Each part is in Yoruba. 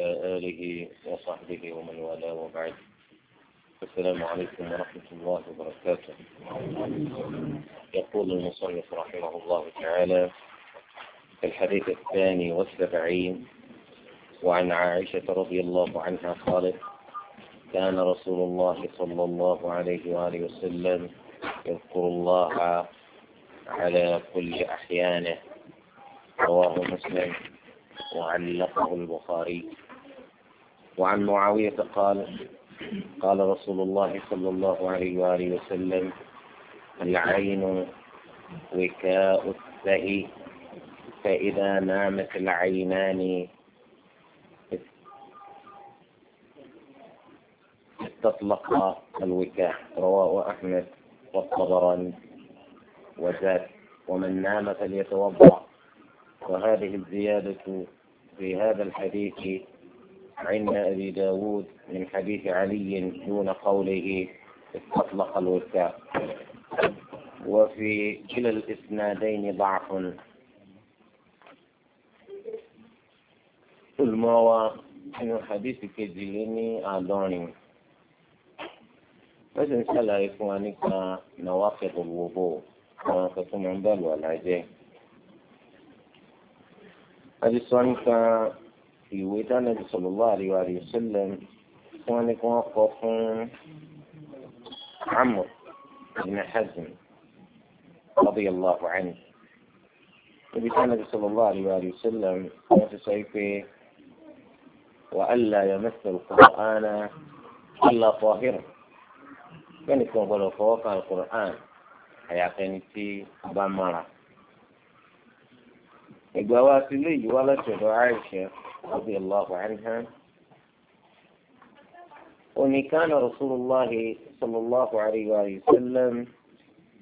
وعلى آله وصحبه ومن والاه وبعد السلام عليكم ورحمة الله وبركاته يقول المصنف رحمه الله تعالى في الحديث الثاني والسبعين وعن عائشة رضي الله عنها قالت كان رسول الله صلى الله عليه وآله وسلم يذكر الله على كل أحيانه رواه مسلم وعلقه البخاري وعن معاوية قال قال رسول الله صلى الله عليه وآله وسلم العين وكاء السهي فإذا نامت العينان استطلق الوكاء رواه أحمد والطبراني وزاد ومن نام فليتوضأ وهذه الزيادة في هذا الحديث عند أبي داود من حديث علي دون قوله استطلق الوساء وفي كلا الإسنادين ضعف الموى من حديث كجليني أدوني بس إن شاء الله إخوانك نواقض الوضوء ونقص من بلوى العجين هذه السؤال ìwé tánàbí sallallahu alaihi wa sallam tí wọ́n ní kí wọ́n kọ fún Amr ibn Hazm radiyallahu anhu níbi tánàbí sallallahu alaihi wa sallam wọ́n ti sọ pé wa alla yamassu al-Qur'ana illa tahir kẹ́ni kan gbọ́dọ̀ fọwọ́ kan al-Qur'an àyàfẹ́ni tí a bá mara. ìgbà wa sílé yìí wá láti ọ̀dọ̀ Aisha. رضي الله عنها وإن كان رسول الله صلى الله عليه وآله وسلم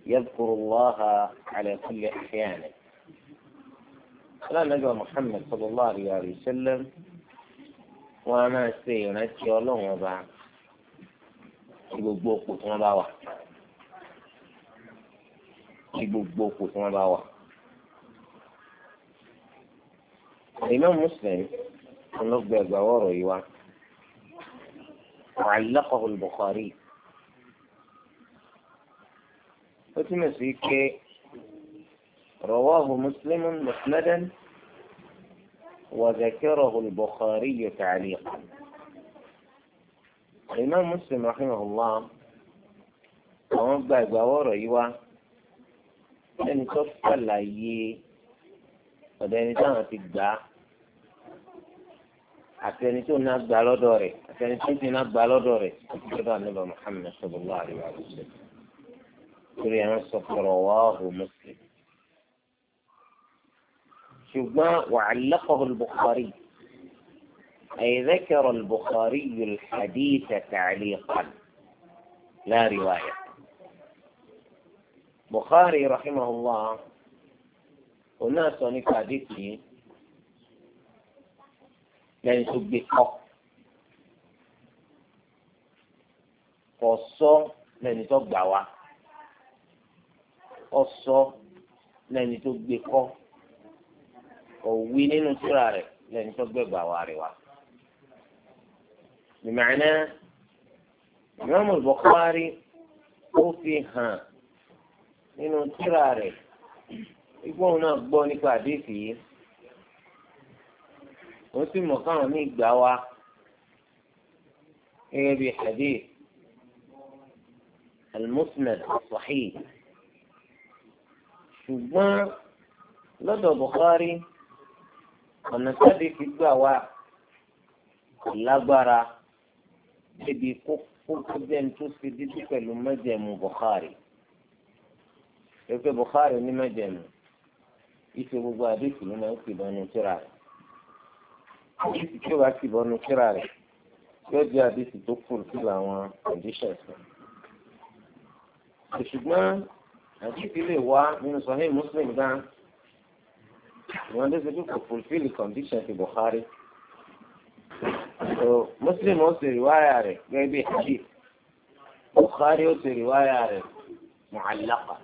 يذكر الله على كل أحيانه قال نجوى محمد صلى الله عليه وآله وسلم وما سينتي ولهم وبعد gbogbo okùn tí wọn bá wà gbogbo okùn tí الإمام مسلم النصب جواره يوا وعلقه البخاري وتمسيك رواه مسلم مسندا وذكره البخاري تعليقا الإمام مسلم رحمه الله àwọn gba ìgbà ان تصفى wá ẹni tó ṣàlàyé àtẹni tó ná gbà lọ́dọ̀ rẹ̀ àtẹni tó ti ná gbà lọ́dọ̀ rẹ̀ lọ́dọ̀ ànábà Muhammad sallallahu alaihi wa sallam torí àwọn sọ̀kọ̀rọ̀ wà hù Muslim. ṣùgbọ́n وعلقه البخاري أي ذكر البخاري الحديث تعليقا لا رواية بخاري رحمه الله هنا سوني حديثي lẹ́yìn tó gbé kọ́ kò sọ lẹ́ni tó gbà wá kò sọ lẹ́ni tó gbé kọ́ kò wí nínú síra rẹ̀ lẹ́ni tó gbé gbà wá rẹ̀ wá. بمعنى إمام البخاري ó fi hàn nínú síra rẹ̀ igbóhùn náà gbọ́ nípa àdéhùn yìí òun sì mọ̀ káwọn ní ìgbà wa gẹ́gẹ́ bíi hadith al-musnad as-sahih ṣùgbọ́n lọ́dọ̀ Bukhari ọ̀nà sáde fi gbà wá kò lágbára níbi kókó jẹ́ni tó ṣe dídí pẹ̀lú mẹ́jẹ̀mú Bukhari pẹ̀lú Bukhari ní mẹ́jẹ̀mú ìṣe gbogbo àdéhùn ló máa ń pè lọ́nu tíra rẹ̀ àdìsí tí ó bá sì bọ́nu kíra rẹ̀ yóò jẹ́ àdìsí tó kùn sí làwọn conditions rẹ̀. ṣùgbọ́n àdìsí lè wá nínú Sahih Muslim gan ìwọ́n tó ṣe pé fulfil condition ti Bukhari. So, Muslim ó ṣe rìwáyà rẹ̀ gẹ́gẹ́ bí hadith Bukhari ó ṣe rìwáyà rẹ̀ mu'allaqa.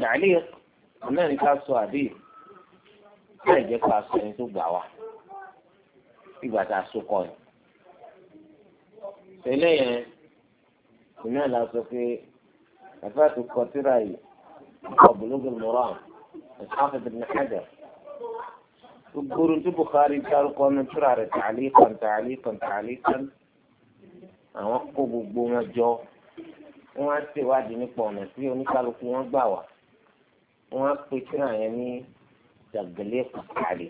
Tàlíq náà ní ká sọ àdìsí láì jẹ́ pé aṣọ ẹni tó gbà wá ìgbà tá a so kọ́ ẹ̀. tẹ́lẹ̀ yẹn ìná la sọ pé àfẹ́ àti kọtíra yìí ọ̀bùnúgùn mọ́ràn ìsáfẹ́ bìnnú ẹ̀jẹ̀. gbogbo tí Bukhari dárúkọ ní tura rẹ̀ ta'liqan ta'liqan ta'liqan àwọn kó gbogbo wọn jọ wọn á ṣèwádìí nípa ọ̀nà tí oníkálukú wọn gbà wá wọn á pe tíra yẹn ní. tẹ̀gẹ́lẹ́ kàkàrí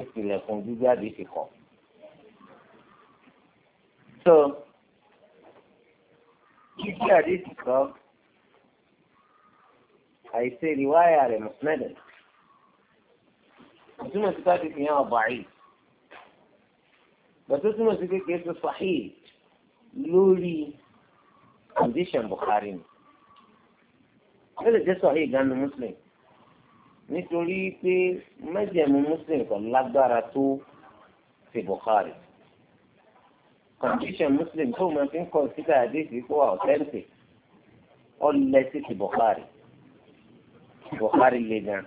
ìpìlẹ̀kùn gbígbàdì ti kọ̀. so gbígbàdì ti kọ́ àìsè ìwáyà rẹ̀ mùsùlùmí ìtumọ̀ sí káàdì fi hàn ọ̀bà yìí gbàtó túmọ̀ sí kékeré tó sàhíì lórí condition Bukhari ni ó lè jẹ́ sàhíì ganu muslim. nítorí pé mẹ́jẹ̀mú muslim kan lágbára tó ti Bukhari condition muslim tó máa fi ń kọ̀ǹsídà àdéhùn kó authentic ọ̀lẹ́ sí ti Bukhari Bukhari le gan.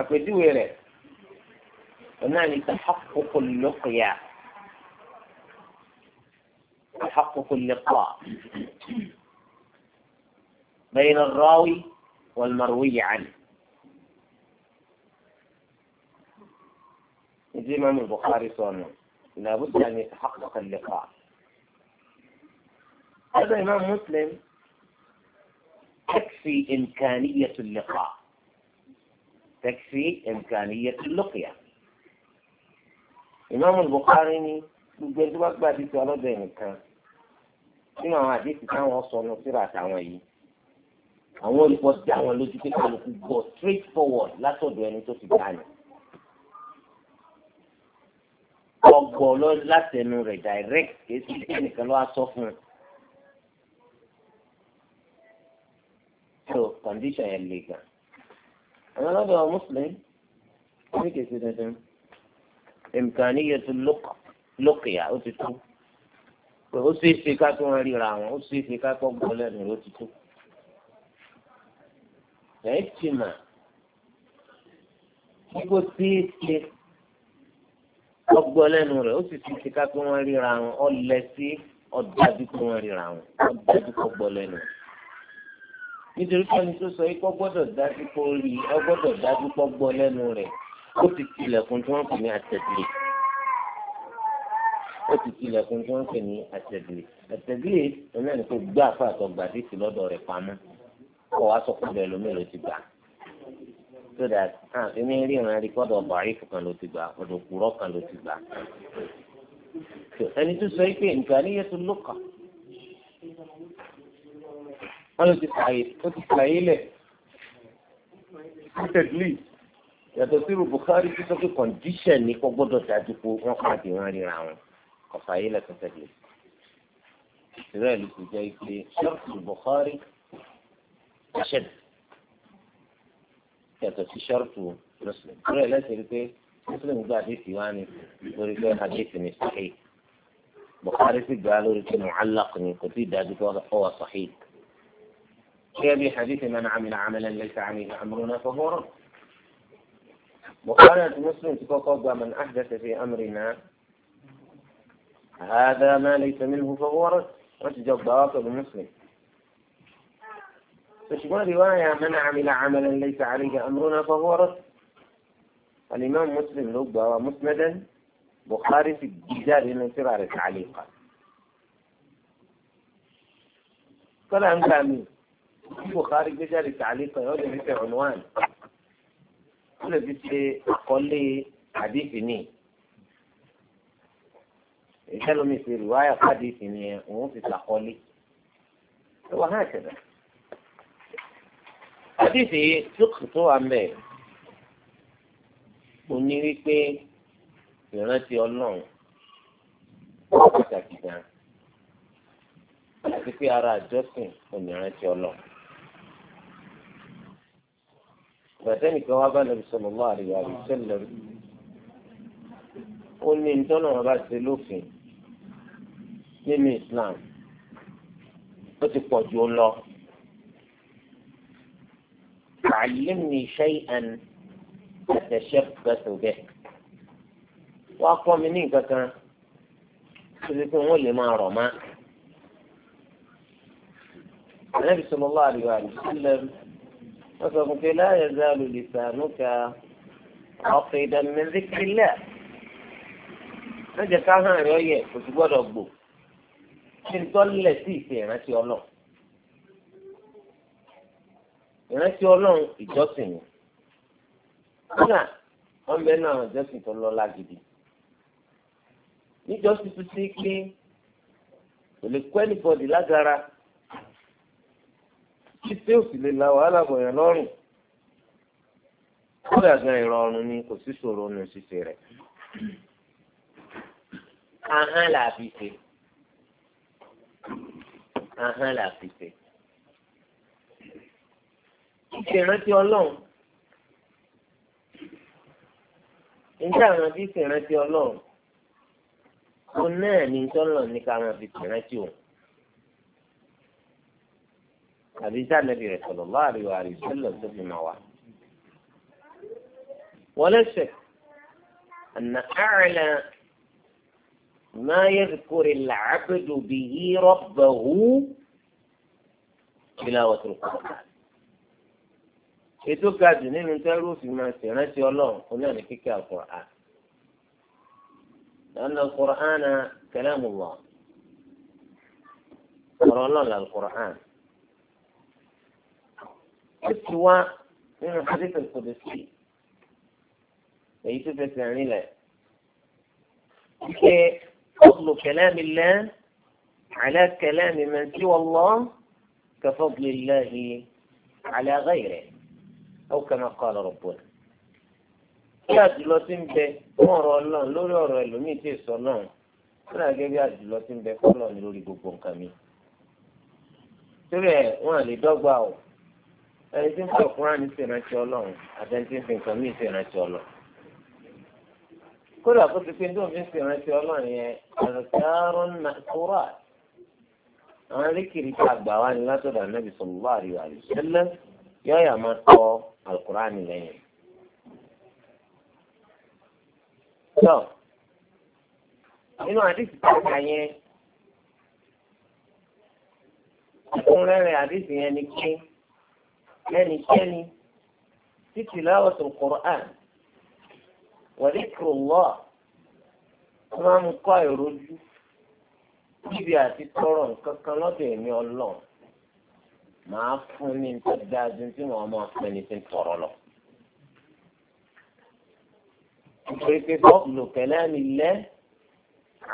àpèjúwe rẹ̀ náà ní tahaqquq al-liqa tahaqquq al-liqa bayna ar-rawi wal-marwi 'anhu. ìdí Imam Bukhari sọnù làbújá ni àkọkànlẹ̀kà. هذا إمام مسلم تكفي إمكانية اللقاء تكفي إمكانية اللقية Imam Bukhari ni gbogbo ẹni tó bá gbà àdìsí ọlọ́dọ̀ ẹnìkan nínú àwọn àdìsí táwọn sọnù síra àtàwọn yìí àwọn olùkọ́ dá wọn lójú pé kálukú gbọ́ straight forward látọ̀dọ̀ ẹni tó ti gbà ní ọgbọ lọ látẹnu rẹ̀ direct kì í sì kí ẹnìkan lọ sọ fún un. so condition yẹn le gan. àwọn ọlọ́dọ̀ muslim, wọ́n kì í ṣe dandan. nǹkan níyẹn tó lókèyà ó ti tó. ó sì ṣe ká tó wọn ríra wọn ó sì ṣe ká tó gbọ́ lẹ́nu ló ti tó. ẹ̀ ti mà kí kò sí ṣe ọgbọ́ lẹ́nu rẹ̀ ó sì ti ti ká pé wọ́n ríra wọn ọlẹ́ sí ọ̀dájú pé wọ́n ríra wọn ọ̀dájú kọ́ gbọ́ lẹ́nu. nítorí pẹ́ni tó sọ ikọ́ gbọ́dọ̀ dájú kó rí ọ gbọ́dọ̀ dájú kọ́ gbọ́ lẹ́nu rẹ̀ ó ti tilẹ̀kùn tí wọ́n pè ní àtẹ̀dìlẹ̀ ó ti tilẹ̀kùn tí wọ́n pè ní àtẹ̀dìlẹ̀ àtẹ̀dìlẹ̀ ọ̀nà ni kò gbá àfàtọ̀ gbàdí sí lọ́dọ̀ rẹ̀ pamọ́ kọ́ wa sọ pé bẹ́ẹ̀ ti gbà á so that àfi ní rí ìran rìkọ́dọ̀ ọ̀bọ̀ àríkù kan ló ti gbà ọ̀dọ̀ òkúrọ̀ kan ló ti gbà. ẹni tó sọ pé nǹkan níyẹn tó ló kàn wọ́n ló ti fààyè ó ti fààyè lẹ̀ tẹ̀lé yàtọ̀ sí rò Bukhari tó sọ pé kọ̀ǹdíṣẹ̀ ní kó gbọ́dọ̀ dájú pé wọ́n kàn wọn ríra wọn kò fààyè lẹ̀ tó tẹ̀lé. ìrẹ́lù kò jẹ́ pé ṣọ́ọ̀tù Bukhari ṣẹ̀dù. yàtọ̀ sí ṣọ́ọ̀tù mùsùlùm rẹ̀ lẹ́sẹ̀ rí pé mùsùlùm gba àdéhìí wá ní lórí pé àdéhìí ní sàhí Bukhari sì gbà lórí pé mu'allaq ni kò tí ì dájú pé ọwọ́ sàhí. gẹ́gẹ́ bí àdéhìí man 'amila 'amalan laysa 'alayhi amruna fahuwa radd. Bukhari àti mùsùlùm ti kọ́kọ́ gba man ahdatha fi amrina hadha ma laysa minhu fahuwa radd wọ́n ti jọ تشبه رواية من عمل عملا ليس عليه أمرنا فهو رد الإمام مسلم رد ومسندا بخاري في من لنصير على تعليقا كلام كامل بخاري بجاري تعليقا يوجد لي عنوان يقول لي أقول لي حديث ني إذا لم رواية حديث ني ومو لي وهكذا àdìsí tókù tó wà mẹ́ mo ní wípé ìrántí ọlọ́run ó pàtàkì gan àti pé ara àjọsìn òmìrántí ọlọ́run. gbàtẹ́nì kan wá bá nàbì sallallahu alaihi wa sallam ó ní ìtọ́nà wọn bá ṣe lófin nínú Islam ó ti pọ̀ ju ó lọ. علمني شيئا أتشبث به وأقوى مني كذا تذكرون ولي ما رمى النبي صلى الله عليه وآله وسلم وسوف لا يزال لسانك عقيدا من ذكر الله lọ́jọ́ ká hàn rẹ̀ ọ̀yẹ̀ شنطل sì gbọ́dọ̀ gbò ìrántí ọlọ́run ìjọsìn ni kódà wọn bẹ náà ìjọsìn tó lọ́lá gidi níjọsìn tó ti pé kò lè kọ́ ẹnìbọ̀dì lágara títí òsì lè la wàhálà bọ̀yàn lọ́rùn kódà gan ìrọ̀rùn ni kò sí ṣòro nù ṣíṣe rẹ̀ ahán làá fi ṣe ahán làá fi ṣe. ìṣe ìrántí ọlọ́run níta àwọn bí ìṣe ìrántí ọlọ́run ó náà ní tọ́lọ̀ ní ká máa fi ìrántí òun àbí sànẹ́bí rẹ̀ sallallahu alaihi wa sallam tó fi máa wà. ولا شك أن أعلى ما يذكر العبد به ربه تلاوة القرآن ètò ga jù nínú tẹ́rù òfin máa ṣèrántí ọlọ́run náà ní kíkẹ́ àkùrán لأن القرآن كلام الله ọ̀rọ̀ ọlọ́run al-Qur'an. ó ti wá nínú hadith al-Qudsi èyí tó fẹsẹ̀ lẹ̀ ṣe rinlẹ̀ wípé fadlu kalamillahi ala kalami man siwa Allah ka fadlillahi ala rẹ̀. أو كما قال ربنا kí àjùlọ ti ń bẹ fún ọ̀rọ̀ Ọlọ́run lórí ọ̀rọ̀ ẹlòmíì tí èso náà wọn náà gẹ́gẹ́ bí àjùlọ ti ń bẹ fún Ọlọ́run lórí gbogbo nǹkan mi. torí ẹ wọn à lè dọ́gba o ẹni tí ń bọ fúnra ní ìrántí Ọlọ́run àti ẹni tí ń fi nǹkan mí ìrántí Ọlọ́run. kódà kó ti pé ní òun fi ìrántí Ọlọ́run yẹn àlùkárùn nàkúrà àwọn arékèrè tá a gbà القرآن lẹ́yìn. so، nínú àdìsí pàtàkì yẹn ẹ̀kúnrẹ́rẹ́ àdìsí yẹn ni pé ẹnikẹ́ni títí láwọ̀sùn kùrán wàdíkùrùlọ́ máa ń kọ́ ìrojú níbi àti tọrọ nǹkan kan lọ́dọ̀ ẹ̀mí màá fún ní tó dáa ju tí wọ́n máa fún ẹni tí ń tọrọ lọ. nítorí pé fọ́ọ̀lù kẹlẹ́ẹ̀mì lẹ́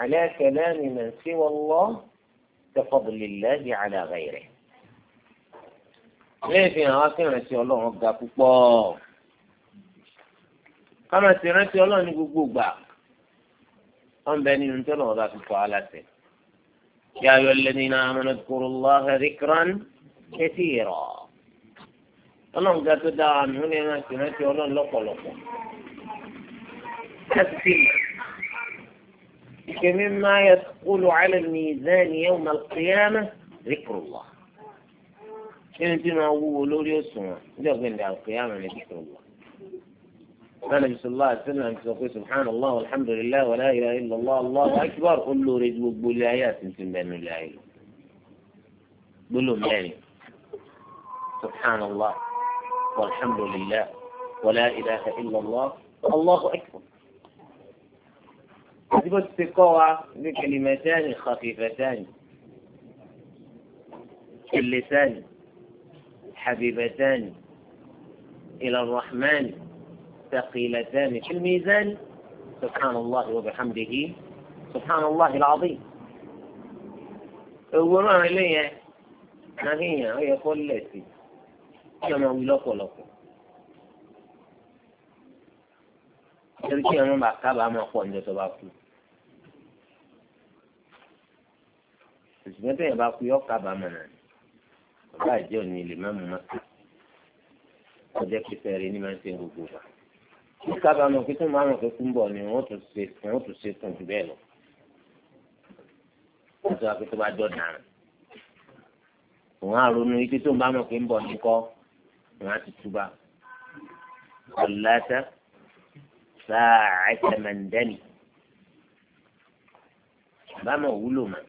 alẹ́ kẹlẹ́ẹ̀mì mẹ́rin sí wọn lọ tẹ́fọ́ọ̀lù lẹ́ẹ̀dì alẹ́ àgbẹ̀yẹ rẹ̀. ilé ìfihàn wa fi ìrántí ọlọ́run ga púpọ̀ kámá ti rántí ọlọ́run ní gbogbo gbà wọ́n bẹ nínú tọ́lọ̀ ọba fi kọ́ aláṣẹ. يا أيها الذين آمنوا اذكروا الله ذكرا kẹsíìrọ̀ ọlọ́run ga tó dára nù ní ẹran sì rántí ọlọ́run lọ́pọ̀lọpọ̀ láti ṣe mímá yẹ kúlù alẹ́ ní ìzẹ́ni yẹ́ ọmọ kìíyàmẹ́ zikrullah nínú tí máa wúwo lórí òṣùwọ̀n ní ọ̀gbìn ní àkìíyàmẹ́ ní zikrullah. النبي صلى الله عليه وسلم يقول سبحان الله والحمد لله ولا إله إلا الله الله أكبر قل له رجل بولايات مثل بين الله قل له يعني سبحان الله والحمد لله ولا إله إلا الله الله أكبر هذه الاستقاء بكلمتان خفيفتان في اللسان حبيبتان إلى الرحمن ثقيلتان في الميزان سبحان الله وبحمده سبحان الله العظيم هو ما ما هي هي كل شيء kí ọmọ wí lọ́pọ̀lọpọ̀ nítorí kí ọmọ bá kábàámọ̀ pọ̀ ní ọjọ́ bá kú òṣìṣẹ́ tẹ̀yìn bá kú yọ kábàámọ̀ náà ọba àjẹ́ òní lè má mú mọ́tò ọjọ́ pípẹ́ rẹ ní máa ń ṣe gbogbo wa kí kábàámọ̀ pé tó máa mọ̀ pé kúńbọ̀ ni wọ́n tún ṣe fún wọ́n tún ṣe fún jù bẹ́ẹ̀ lọ wọ́n sọ pé tó bá jọ dàrán òun á ronú ike tó ń bá mọ̀ pé ń bọ̀ ní kọ́. ماتي تبا صلات ساعة من دني بما ولوما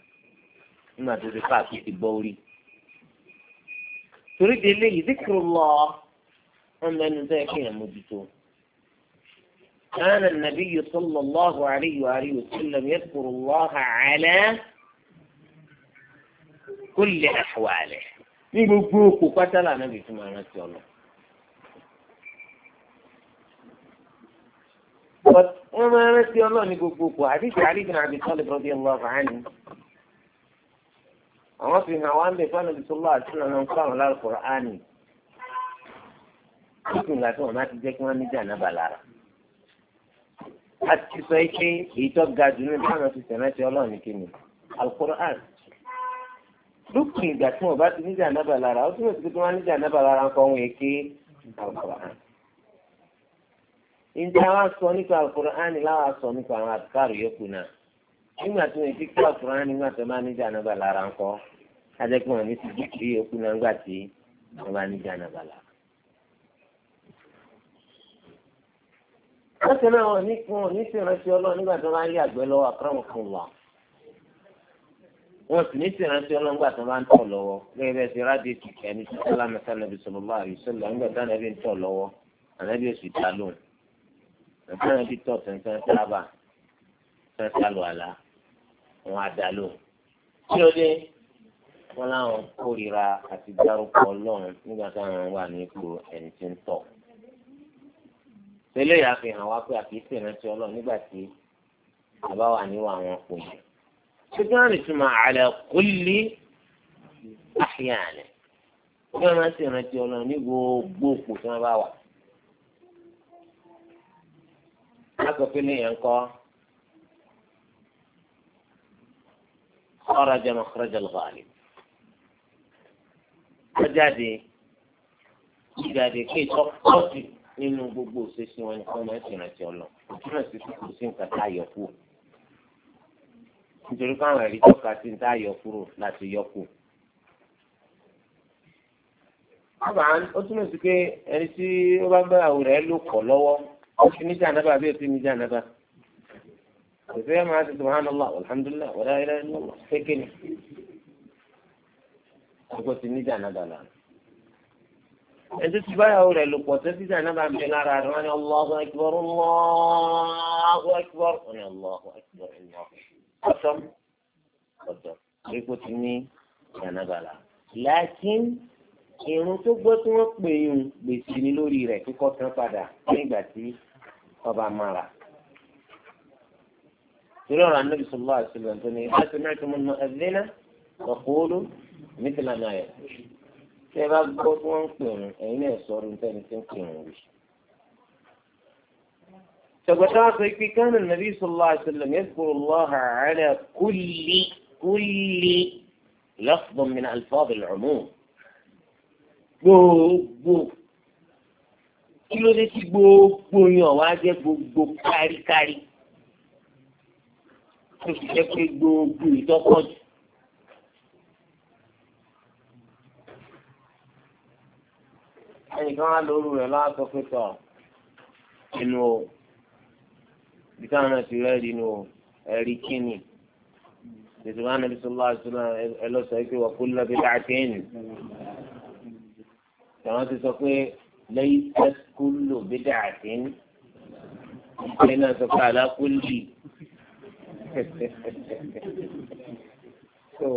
ما تدفع في البوري تريد لي ذكر الله أن أن ذاكي مبتو كان النبي صلى الله عليه وآله وسلم يذكر الله على كل أحواله ní gbogbo òkú pátá lànà bí tí màá rántí ọlọ. wọ́n máa rántí ọlọ́ ní gbogbo òkú àdìsí àdìsí àbí sọ́ọ̀lì bọ́dí ọlọ́ àbáhánì. àwọn fi hàn wá ń bẹ fáwọn ibi tó lọ àti ìlànà ń fáwọn lálùkọ̀rọ̀ áàní. kíkùn ìgbà tí wọ́n máa ti jẹ́ kí wọ́n ní jà náà bà lára. a ti sọ pé èyí tó ga jù ní báwọn ti tẹ̀lé ti ọlọ́ọ̀ ní kíni alukóró áàní lókùn ìgbà tí wọn bá ti ní jàǹdàbà lára ó túbọ̀ sí pé tí wọ́n ní jàǹdàbà lára ń kọ́ wọn èké àgbà. ìjà wa sọ nípa àlùkùránì láwa sọ nípa àwọn àtìkárò yòókù náà nígbà tí wọn ti kí àlùkùránì nígbà tó bá ní jàǹdàbà lára ń kọ́ adẹ́kùn wọn ní ti dìkì yòókù náà nígbà tí wọn bá ní jàǹdàbà lára. wọ́n ti náà wọn ní kí wọn ní sí ọlọ́run nígbà tó bá ń yàgbẹ́ lọ́wọ́ wọn sì ní tìrántí ọlọ́ngbà tó máa ń tọ̀ lọ́wọ́ lórí bẹ́ẹ̀ ti rádìí kìkì ẹni tó sọ́lá mẹ́ta nàbí sọ̀rọ̀lá àrísọ́lá nígbà tá nàbí ń tọ̀ lọ́wọ́ ànábì oṣù ta lóhùn nàbí nàbí tọ̀ sẹ́ńsẹ́ sábà sẹ́ńsẹ́ lọ àlá wọn àdá lóhùn. kí ló dé wọn láwọn kórìíra àti dárúkọ ọlọ́run nígbà táwọn wà ní ipò ẹni tí ń tọ̀. tẹ́lẹ̀ yà fi hàn wá pé àkíyèsí ìrántí ọlọ́run ṣùgbọ́n àwọn ìtumọ̀ àlẹ́ kúlí àyànlẹ̀ wọ́n fẹ́ máa ń ṣèrántí ọlọ́run ní gbogbo òpó tí wọ́n bá wà. lákòókò lèèyàn kọ́ ọ̀rọ̀ jẹun ọ̀rọ̀ jẹun lọ́ọ̀lì. wọ́n jáde ìjáde pé ìtọ́kọ́sì nínú gbogbo òṣèṣin wọn ni wọ́n máa ń ṣèrántí ọlọ́run. ìtumọ̀ sí kò sí nǹkan tá a yọ kúrò nítorí káwọn ẹ̀rí tọ́ka sí ní tá a yọ kúrò láti yọ kù. àbáhán ó túmọ̀ sí pé ẹni tí ó bá gbé àwò rẹ̀ ló kọ̀ lọ́wọ́ ó fi níjà nábà bí ó fi níjà nábà. àtẹ̀sẹ̀ yẹn máa ti subhanallah walhamdulillah wala ilaha illallah kékeré. àgọ́ ti níjà nábà lára ẹtú ti báyàwó rẹ lò pọ̀ tó ti sàn náà ń bẹ lára rẹ wọn ni Allahu akbar Allahu akbar wọn ni Allahu akbar Allahu akbar ọ̀tọ̀ ọ̀tọ̀ epo ti ní ìyànàbàlà làákín irun tó gbọ́ tí wọ́n pè é ń gbèsè ní lórí rẹ̀ kíkọ́ tán padà nígbà tí ọba mara. Ìrọ̀ ọ̀rọ̀ anábì sọ̀rọ̀ àṣìlẹ̀ tó ní láti náà tó mọ̀ ẹ̀dínà ọ̀kúrú nítorí àná ẹ̀. Ṣé ẹ bá gbọ́ tí wọ́n ń pè é ẹ̀yin náà sọ̀rọ̀ nítorí tí ń pè é rí. تبتاخي إيه في كان النبي صلى الله عليه وسلم يذكر الله على كل كل لفظ من ألفاظ العموم بو بو كيلو ديكي بو بو يو واجه بو بو كاري كاري كيكي بو بو يتوخج أي كان لولو لا تفتا إنه bí káwọn náà ti rẹ́ẹ̀rí nu ẹ̀rí kíni ìṣèjọba náà bísí ọlọ́wà ṣọlá ẹ lọ sọ pé wọ́n kó lọ bí láàkín. àwọn ti sọ pé lẹ́yìn tẹ́kúlò bí dáàkín ìṣe náà sọ pé àlákùlì. so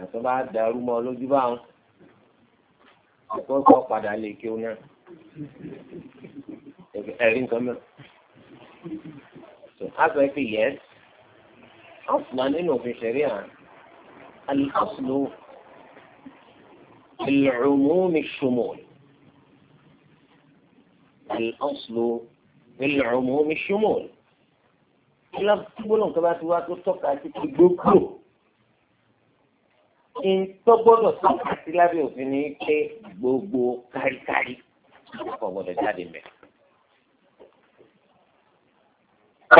àtọ́ba dàrú mọ́ lójú báwọn ẹ̀kọ́ kọ́ padà lè kí o ẹ̀rí nǹkan mẹ́rin a sọ pé yẹn ọ̀sùnà nínú òfin ṣẹ̀rí à alásùlù ìlùmùmí ṣùmùl alásùlù ìlùmùmí ṣùmùl ilá gbólóhùn nǹkan bá ti wá tó tọ́ka sí ti gbógbó ìtọ́ gbọ́dọ̀ tọ́ka sí lábẹ́ òfin ni pé gbogbo káríkárí ọkọ̀ gbọ́dọ̀ jáde mẹ́rin.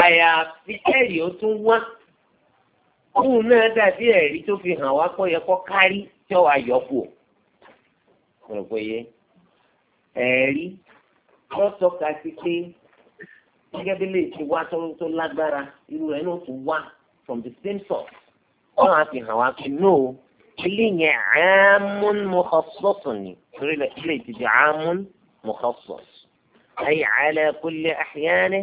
àyàfi kẹ́rì ó tún wá òun náà dàbí ẹ̀rí tó fi hàn wá pé yẹ kó kárí tí ó wà ó. rò pé ẹ̀rí tó tọ́ka sí pé gẹ́gẹ́ bí lè ti wá tó lágbára irú rẹ̀ náà tún wá from the same source. wọ́n á fi hàn wá pé no ilé yẹn àámún mọ́kọ́sọ́sọ̀ ni torí ilé ti di àámún mọ́kọ́sọ̀s. أي على كل أحيانه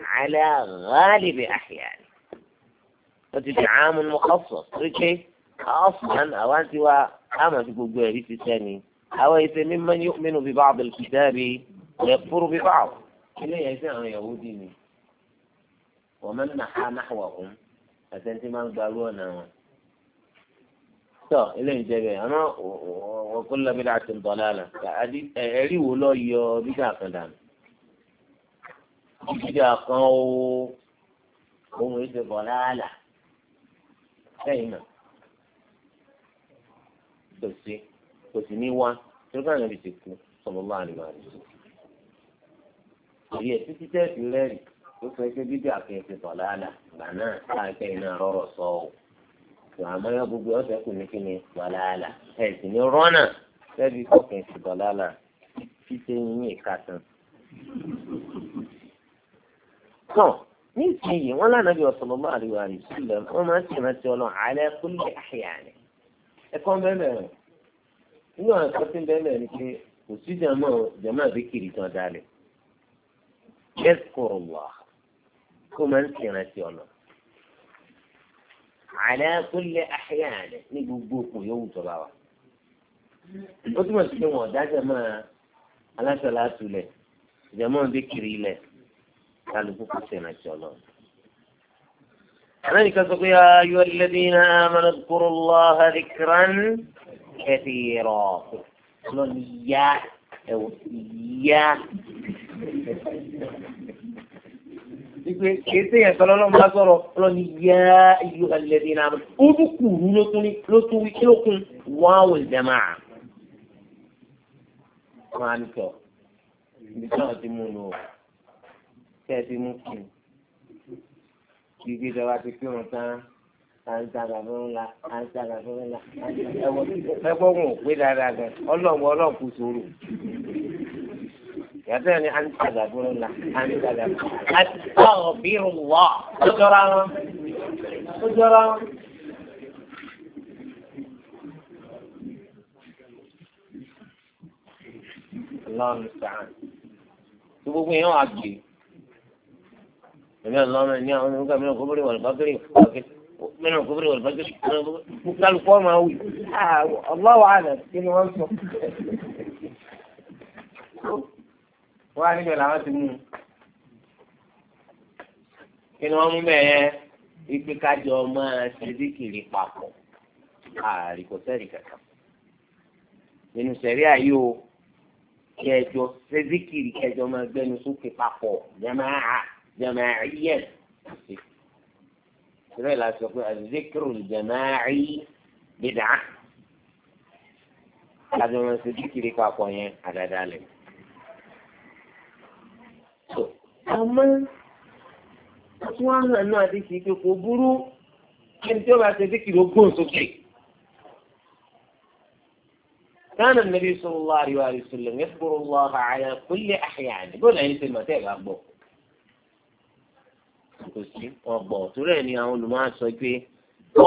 على غالب أحيان فتجي عام مخصص ركي أصلا أوانت وأما تقول في الثاني أويس ممن يؤمن ببعض الكتاب ويكفر ببعض كلا يسمع يهودين ومن نحى نحوهم أتنتي ما قالونا تا إلى إن أنا àmọ́ wọn kó lọ bí láti ń bọ lálẹ́ ìdíjà kan o ohun èdè bọ̀ láàlà sẹ́yìn náà kò sí kò sí ní wá tó bá yẹn ti kú sọmọ máa ní máa ní. èyí ẹ̀ títí tẹ́ẹ̀sì rẹ́ẹ̀rì ó sọ pé bíbí àkẹ́yẹsẹ bọ̀ láàlà gbà náà káàkiri náà rọrọ̀ sọ ọ́ àmọ́ yọ gbogbo ọ̀sẹ̀ kù ní kí ni bọ̀ láàlà ẹ̀ sì ní rọ́nà sẹ́ẹ̀bì kọ̀kẹ́sì bọ̀ láàlà tán ní ìsinyìí wọn lánàbí sallallahu alaihi wa sallam wọn máa ń ṣèrántí Ọlọ́run ala kulli ahyani ẹ̀kọ́ bẹ́ẹ̀ nínú àwọn ẹ̀kọ́ tí ń bẹ́ẹ̀ ni pé kò sí jàmọ́ jàmọ́ àbíkiri tán dalẹ̀ yadhkurullah kó máa ń ṣèrántí Ọlọ́run ala kulli ahyani ní gbogbo òkú yòówù tó bá ó túmọ̀ sí pé wọn ọ̀dá jàmọ́ aláṣọ láti lẹ̀ jàmọ́ àbíkiri lẹ̀ kálukú kò sì rìn àti ọlọ́run. àmẹ́ríkà sọ pé ayọ̀ alladhina amanu dhkurullaha dhikran kathira lọ́nà ìyá ẹ̀wọ̀ ìyá. Ìgbé kéésì yẹn sọ̀rọ̀ lọ́nà bá ya lọ́nà ìyá ayọ̀ alladhina amanu. ó dún kùrú ló tún wí kí ló kún wáwùl jama'a. wọ́n á ní sọ ibi tí wọ́n ti mú un tẹ́ ẹ fi ìjọba ti fi hàn tán àǹtàgàfẹ́ńlá àǹtàgàfẹ́ńlá ẹgbọ́n pé dáadáa gan ọlọ́run ọlọ́run kù Yàtọ̀ ni àǹtàgàfẹ́ńlá àǹtàgàfẹ́ńlá àti ọ̀rọ̀ bí wà ó jọra wọn ó jọra wọn. Lọ́nù sàn. Gbogbo yẹn wà gbé ẹ̀mí ọlọ́mọ ní àwọn onímọ̀ kan mìíràn kúbúrú wọ̀lú bákìrì mìíràn kúbúrú wọ̀lú bákìrì kálukú ọmọ awì ọlọ́wọ́ ah, àná kí ni wọ́n sọ. wọ́n á níbẹ̀ làwọn ti mú un kí ni wọ́n mú bẹ́ẹ̀ yẹn ipe kájọ máa ṣe díkìrì papọ̀ àríkò sẹ́rì kankan nínú sẹ́rí ayé o kẹjọ ṣe díkìrì kẹjọ máa gbẹnu sókè papọ̀ yẹn máa hà. جماعيا لا تقول الذكر الجماعي بدعة هذا ما سيذكر لك أقوين يعني على ذلك أما wọ́n أنه náà شيء fi kókó burú ẹni tí ó كان النبي صلى الله عليه وسلم يذكر الله على كل أحيانه قول أنت ما تبغى kò sí ọ̀pọ̀ òtúrọ ẹ ni àwọn olùmọ̀ sọ pé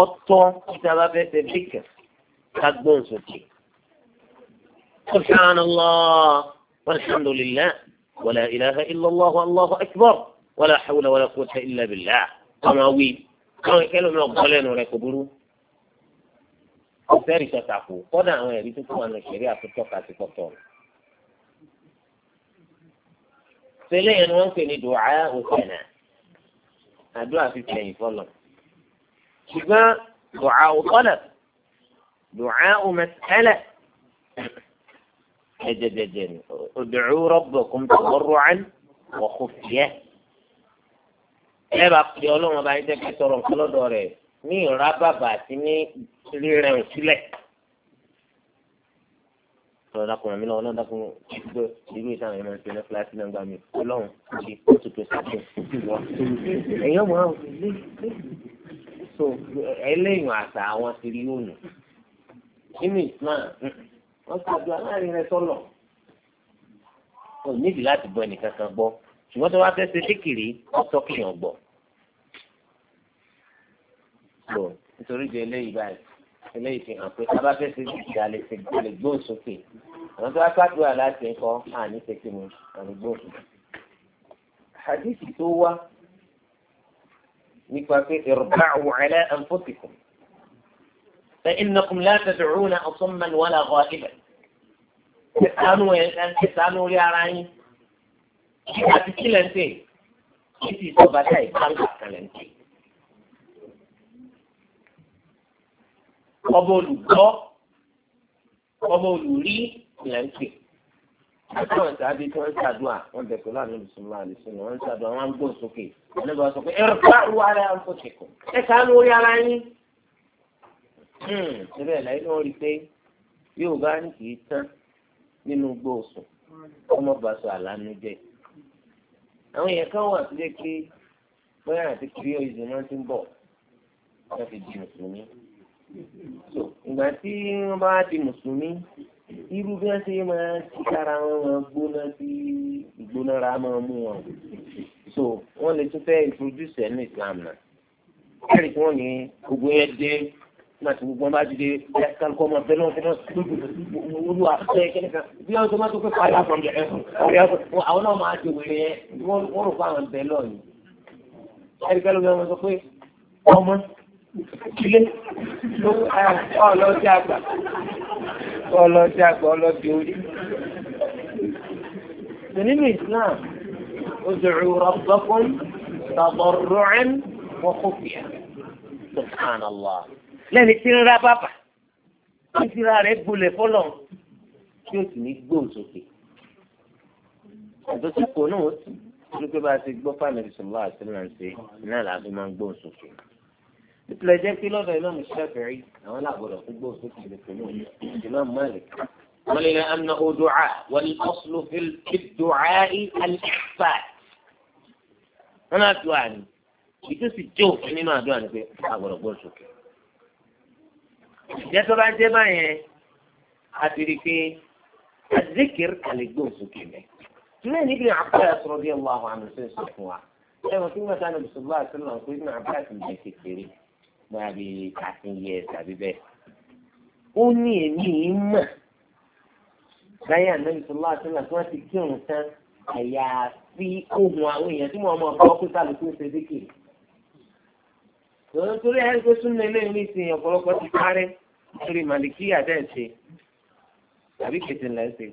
ọ̀tọ̀ títa bá fẹẹ ṣe bíkẹ ká gbóhùn sókè. subhanallah walhamdulillah wàlá ilaha illallah allahu akbar wàlá hawla wàlá quwwata illa billah ọmọ wí káwọn ìkẹlẹ náà gbọ́ lẹ́nu rẹ̀ kò burú. ọ̀fẹ́ ìṣọ̀tà kù kọ́dà àwọn ẹ̀rí tó kún àwọn ìṣẹ̀rí àtúntọ́ka ti pọ̀tọ̀ rẹ̀. sẹ́lẹ̀ yẹn ni wọ́n ń pè ní dùn áyà òṣèlú àdúrà fi tẹ̀yìn fọlọ̀ ṣùgbọ́n dùcà òkọ́lẹ̀ dùcà òmẹsẹ̀lẹ̀ ẹ̀jẹ̀jẹ̀jẹ̀ ni ud'u rabbakum tadarru'an wa khufyah ẹ bá pè ọlọ́run ọba yín tẹ́ fi tọrọ nǹkan lọ́dọ̀ rẹ̀ ní ìrábàbà àti ní rírẹ̀ òsílẹ̀ sọ dákun àmì lọ́wọ́ náà dákun gbígbó irú ìtàn ìmọ̀ ìpè ní fúláṣí náà gbà mí ọlọ́run kí ó tún tó sàkún wọ. èèyàn mọ̀ ọ́n so ẹlẹ́yìn àṣà àwọn ti rí òòlù nínú Islam wọ́n ṣàdúrà láàrin rẹ sọ́lọ̀ kò nídìí láti bọ ẹnìkan kan gbọ́ ṣùgbọ́n tó bá fẹ́ ṣe síkìrì ọ̀sọ́kìyàn gbọ́. nítorí jẹ́ eléyìí báyìí. eléyìí fi hàn pé bá fẹ́ ṣe ìdàlẹ̀ ṣe ìdàlẹ̀ gbóhùn sókè àwọn tó bá pàdúrà láti ń kọ́ àní ṣèké mu àní gbóhùn sókè. hadith tó wá nípa pé irba'u ala anfusikum fa innakum la tad'una asamman wala gha'iban. ìsànú ẹ̀ ẹ̀ sànú rí ara yín àti kílẹ̀ ń tè kí sì sọ bàtà ìpàlù àkàlẹ̀ ń tè. ọba olùkọ́ ọba olùrí ìlẹ̀ ń pè àwọn ìsàbí tí wọ́n ń ṣàdúrà wọ́n bẹ̀ pẹ̀lú àwọn olùsùnmọ́ àlùsùnmọ́ wọ́n ń ṣàdúrà wọ́n ń gbọ́n sókè wọ́n bá sọ pé ẹ̀rọ fáwọn wà láyà ń fọ́ṣẹ̀ kù ẹ ṣàánú orí ara yín. síbẹ̀ hmm, láyé náà rí i pé yóò bá ní kì í tán nínú gbóòsùn ọmọ bá sọ àlánú jẹ. àwọn èèyàn kan wà sílé pé bóyá àti kiri ọ̀yìn náà ti ń bọ̀ wọ́n fi di mùsùlùmí so ìgbà tí wọ́n bá di mùsùlùmí irú bí wọ́n ṣe máa ti kára wọn gbóná sí ìgbónára máa mú wọn so wọ́n lè tún fẹ́ introduce ní Islam náà ẹ̀rí tí wọ́n ní gbogbo yẹn dé nígbà tí gbogbo wọn bá dìde kálukọ́ ọmọ abẹ́lẹ́ wọn fẹ́ràn olú àfẹ́ kẹ́nìkan bí wọ́n tó máa tó fẹ́ padà fún ọ̀dẹ̀ ẹ̀fọ́ àwọn náà máa ti wèrè yẹn wọ́n rò fún àwọn abẹ́lẹ́ ọ̀yìn ẹ̀rí kálukọ́ ọmọ sọ pé ọmọ ilé ọlọ́dí àgbà ọlọ́dí àgbà ọlọ́dí orí. nínú Islam ud'u rabbakum tadarru'an wa khufya subhanallah lẹ́ni tí ń ra bàbà ó ti ra rẹ̀ gbolẹ̀ fọlọ́ tí ó sì ní gbóhùn sókè àtúntò kò náà ó sì ní pé bá a ti gbọ́ fáwọn ẹ̀sìn àti náà náà làá máa ń gbóhùn sókè nítorí ẹjẹ́ pé lọ́dọ̀ iná mi ṣẹ́fẹ̀rí àwọn làbọ̀dọ̀ tó gbọ́ sókè lè pẹ̀lú ìmọ̀ mọ́lẹ̀. wọ́n lè ní anna odu'a wọ́n ní ọ́sùlù fi du'a al-ihsan. wọ́n náà tó àná ìtú sì jẹ́ òfin nínú àdúrà ni pé àbọ̀dọ̀ gbọ́ sókè. ìjẹ́ tó bá jẹ́ báyẹn a ti rí i pé azikir kàlẹ́ gbọ́ sókè mẹ́. tùmẹ̀ níbi àpá ẹ̀sọ́ bí máa bí thirteen years tàbí bẹ́ẹ̀. ó ní èmi yìí mọ̀ láyé ànábi sọlá àtúnlá tí wọ́n ti kírun tán àyàfi ohun àwọn èèyàn tí wọ́n mọ̀ ọ́ pé kálukú ń ṣe dékè. torí ẹni tó súnmọ́ eléyìí ní ìsìn ọ̀pọ̀lọpọ̀ ti kárẹ́ torí màlìkí àdẹ́ǹṣe tàbí kètè lẹ́sẹ̀.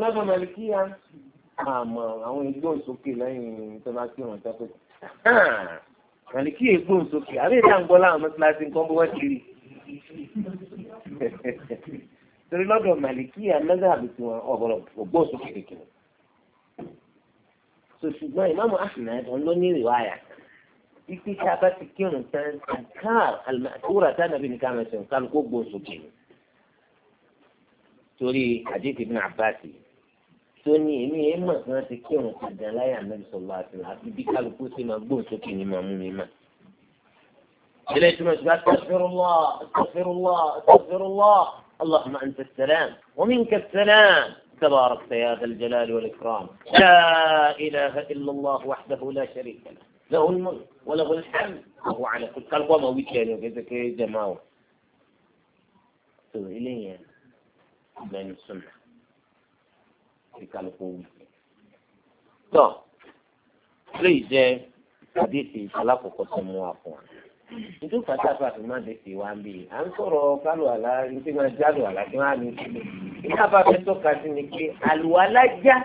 lọ́dọ̀ màlìkí ya àmọ́ àwọn igbó sókè lẹ́yìn tó bá kírun tán pé àní kí ègbón sókè àbí ìdáǹgbọ́ láwọn mọ́sálásí nǹkan bó wọ́n ti rí torí lọ́dọ̀ màlìkí àmẹ́gà àbùtù wọn ọ̀bọ̀rọ̀ ògbón sókè kékeré so ṣùgbọ́n ìmáàmù Ahmed ló ní ìwáyà ipe tí a bá ti kírun tán àkàr àkúrà tánàbí ní káàmẹ́sìn kálukó gbón sókè torí àdéhùn Ibn Abbas yìí. tó ní èmi yẹn mọ̀ tí wọ́n ti kí òun kọjá láyà nàbì sọ̀rọ̀ àti àti bí kálukú sí máa gbóhùn sókè ní máa mú mi mà. ilé ìtumọ̀ ṣùgbọ́n astaghfirullah astaghfirullah astaghfirullah اللهم أنت السلام ومنك السلام تبارك يا ذا الجلال والإكرام لا إله إلا الله وحده لا شريك له له الملك وله الحمد وهو على كل قلب وما وكان وكذا جماعة إليه من السنه kí kálukú wù. tọ́ lóyè jẹ́ àdéhìí alákòókò tó mú wa fún wa. Ìdú pàtàkì àti máa dé sí wa ń bí. À ń sọ̀rọ̀ kálù àlá ní tí máa já lù àlá tí wọ́n á ní sílẹ̀. Ìyá bá fẹ́ tọ́ka sí ni pé àlùwàlá já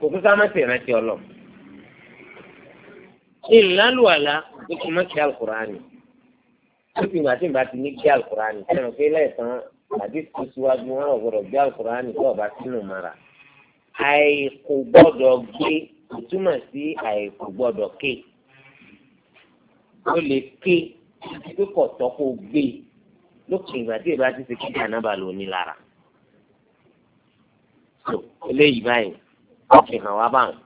kò kí ká má sì rántí ọlọ. Ìlàlùwàlá ó ti má kí àlùkùránì. Ó ti mà tí mà ti ní kí àlùkùránì. Ṣé o pé lẹ́ẹ̀kan àdéhùn síwájú wọn ò gbọdọ̀ gbé àlùkùránì tó ọ̀bá sínú mara? àìkò gbọ́dọ̀ gbé kò túmọ̀ sí àìkò gbọ́dọ̀ ké ó lè ké pé kọ̀tọ́ kó gbé lókè ìgbà tí ìbá ti ṣe kí ànábà lò ní lára so eléyìí báyìí wọ́n fi hàn wá báwọn.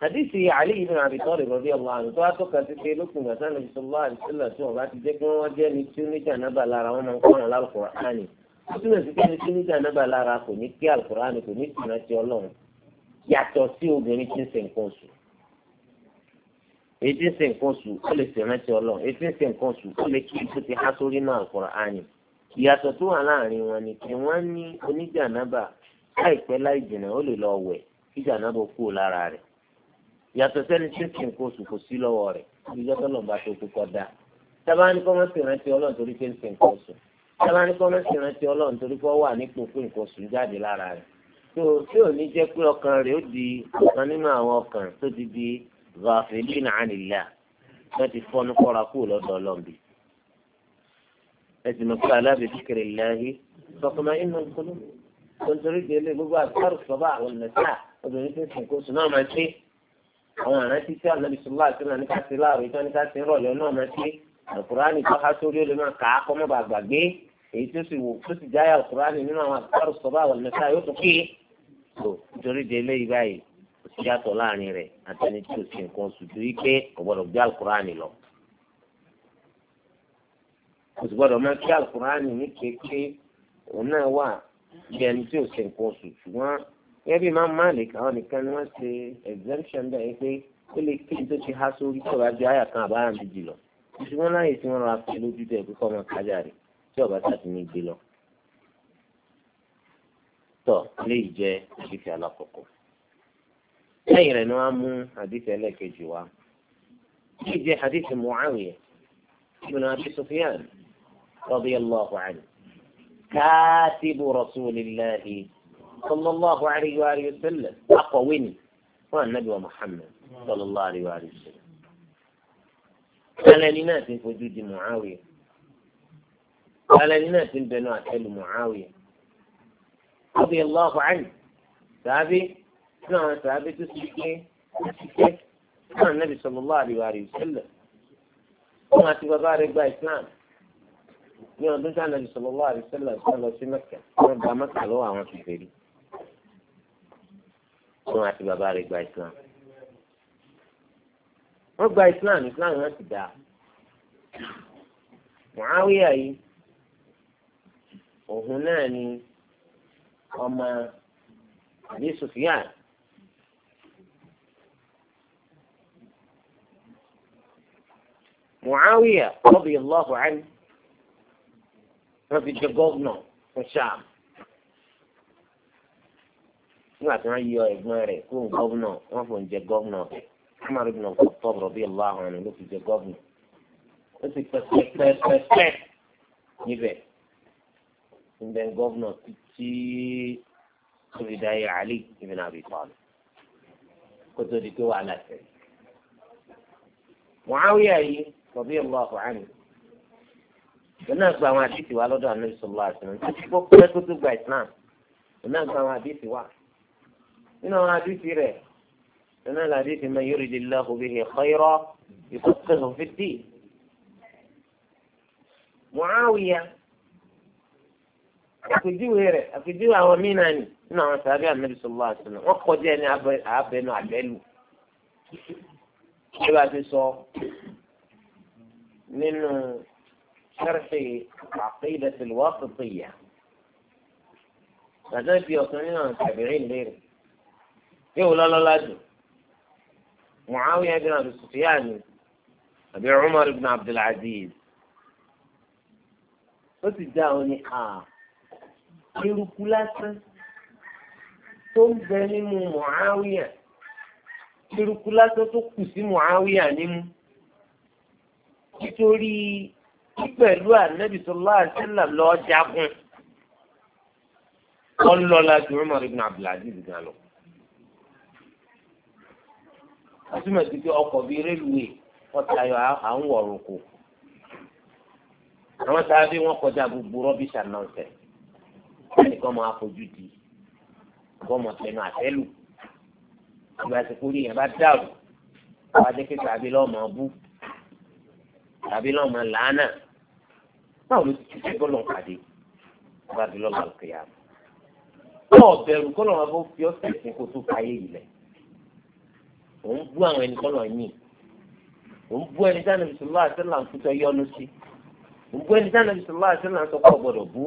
Hadisi Ali ibn Abi Talib radiyallahu anhu tó wá tọ́ka sí pé lókùn ìgbà sáà nàbì sallallahu alaihi wasallam tí wọ́n bá ti jẹ́ pé wọ́n jẹ́ ní tí ó ní jàǹdàbà lára wọn máa ń kọ́ràn lálùkùránì. ó túbọ̀ sí kẹ́ni tí nígbà náà bá lára kò ní kí alukur'ani kò ní tìǹà ti ọlọ́run yàtọ̀ sí obìnrin tí ń ṣe nǹkan oṣù ètí ń nǹkan oṣù ó lè ọlọ́run ètí ń nǹkan oṣù ó lè kí ikú ti há sórí náà ìyàtọ̀ tó wà láàrin wọn ni kí wọ́n ní náà bá láìpẹ́ láì sábàánì kọ́nà sì rántí ọlọ́run torí pé ó wà nípò pé nǹkan sùn jáde lára rẹ̀ tó tí ò ní jẹ́ pé ọkàn rẹ̀ ó di ọ̀kan nínú àwọn ọkàn tó ti di vafilina anilá wọ́n ti fọ́nú kọ́ra kú lọ́dọ̀ ọlọ́mbi ẹ̀sìn mọ̀kúrò aláàbẹ̀ kékeré láàyè sọkùnmá inú nkúlù nítorí délé gbogbo àtàrù sọ́bà àwọn nàṣà obìnrin tó ń sìn kó sùn náà máa ṣe àwọn àrántí tí ànábì èyí tó sì wò tó sì jáyà Kùránì nínú àwọn àtúntàrù sọ́bà àwọn mẹ́ta yóò tún kí tó nítorí de eléyìí báyìí kò sí yàtọ̀ láàrin rẹ̀ àtẹni tí ò sí nǹkan oṣù tó yí pé kò gbọdọ̀ gbé Al-Kùránì lọ. kò sì gbọdọ̀ máa kí Al-Kùránì ní kékeré òun náà wà bí ẹni tí ò sí nǹkan oṣù ṣùgbọ́n gẹ́gẹ́ bí máa máa lè káwọn nìkan ni wọ́n ṣe exemption bẹ́ẹ̀ pé ó lè kí n tó ti há sórí tó bá ju àyà kan àbáyà méjì lọ ìṣùgbọ́n tí ọba tàbí ní gbé lọ tọ léyìí jẹ àdìsí alákọ̀ọ́kọ́ lẹ́yìn rẹ̀ ni wọ́n mú àdìsí ẹlẹ́ẹ̀kejì wá léyìí jẹ àdìsí Muawiya ibn Abi Sufyan radiyallahu anhu katibu rasulillahi sallallahu alayhi wa sallam akọ̀wé ni fún anabi wa Muhammad sallallahu alayhi wa sallam. alẹ́ náà ti fojú di Muawiya alẹ́ni náà ti ń bẹnu àtẹlù Muawiya radiyallahu anhu sàábí tí àwọn sàábí tó ti gbé tó ti gbé tí àwọn nàbì sallallahu alaihi wa sallam wọn àti bàbá rẹ̀ gba Islam ní ọdún tí ànàbì sallallahu alaihi wa sallam sọ lọ sí Mẹ́kà wọn gba Mẹ́kà lọ́wọ́ àwọn kìfèrí wọn àti bàbá rẹ̀ gba Islam wọn gba Islam Islam wọn ti dà Muawiya yìí. òun náà ni ọmọ àbí Sufyan Muawiya radiyallahu anhu wọ́n fi jẹ gọvnọ fún Ṣáàmù nígbà tí wọ́n yọ ẹ̀gbọ́n rẹ̀ kó gọvnọ wọ́n fò ń jẹ gọvnọ rẹ̀ Umar ibn al-Khattab radiyallahu anhu ló fi jẹ gọvnọ ó sì pẹ́ pẹ́ pẹ́ pẹ́ níbẹ̀. níbẹ̀ gọ́vnà títí olùdarí Ali ibn Abi Talib kótó di pé wàhálà tẹ̀. Muawiya yìí radiyallahu anhu wọn náà gba àwọn àdìsí wa lọ́dọ̀ àná ìṣòwò àtìmọ́ títí kó pẹ́ tó tó gba Islam wọn náà gba àwọn àdìsí wa nínú àwọn àdìsí rẹ̀ wọn náà la àdìsí man yuridillahu bihi khayra yufaqqihhu fid-din. Muawiya. àpèjúwe rẹ̀ àpèjúwe àwọn míì náà nì nínú àwọn sàbí àmẹ́rì sọ̀rọ̀ wá sọ̀rọ̀ wọ́n kọjá ẹni àbẹnú àbẹ́lù bí wàá ti sọ nínú sẹ́rẹ̀fì àkéyìdà tìlúwà tuntun yà gbàdá bí ọ̀kan nínú àwọn sàbẹ̀rẹ̀ ìlérè yóò lọ́lọ́lá dùn Muawiya bin Abi Sufyan àbí Umar bin Abdul Aziz ó ti dá àwọn ní àà. eruku lásán tó ń bẹ nínú Muawiya eruku lásán tó kù sí Muawiya nímú nítorí pípẹ̀lú ànábì sallallahu alaihi wasallam lọ jagun ọlọ́lá ju Umar ibn Abdul Aziz gan lọ. àtúmọ̀ sí pé ọkọ̀ bíi rélùwéè wọ́n ti ayọ̀ à ń wọ̀rùn kù. àwọn sáábì wọn kọjá gbogbo rọ́bìṣà náà sẹ́yìn ẹnìkan máa fojú di ọgbọ́n mọ̀ tẹnu àtẹ́lù ìgbà àsìkò rí yẹn bá dàrú wọ́n á jẹ́ pé tàbí lọ́ọ́ máa bú tàbí lọ́ọ́ máa làánà báwo ló ti ṣe bọ́lọ̀ pàdé bá di lọ́ọ́ máa kẹ́yà lọ́ọ̀ bẹ̀rù kọ́ lọ́ọ́ máa bọ́ fi ọ́sẹ̀ sí kó tó fàyè yìí lẹ̀ òun bú àwọn ẹnì kọ́ lọ́ọ́ yìn òun bú ẹni tí Ànábì sallallahu alaihi wasallam ń kútọ́ yọ́nu sí òun bú ẹni tí Ànábì sallallahu alaihi wasallam ń sọ pé ọ̀gbọ́dọ̀ bú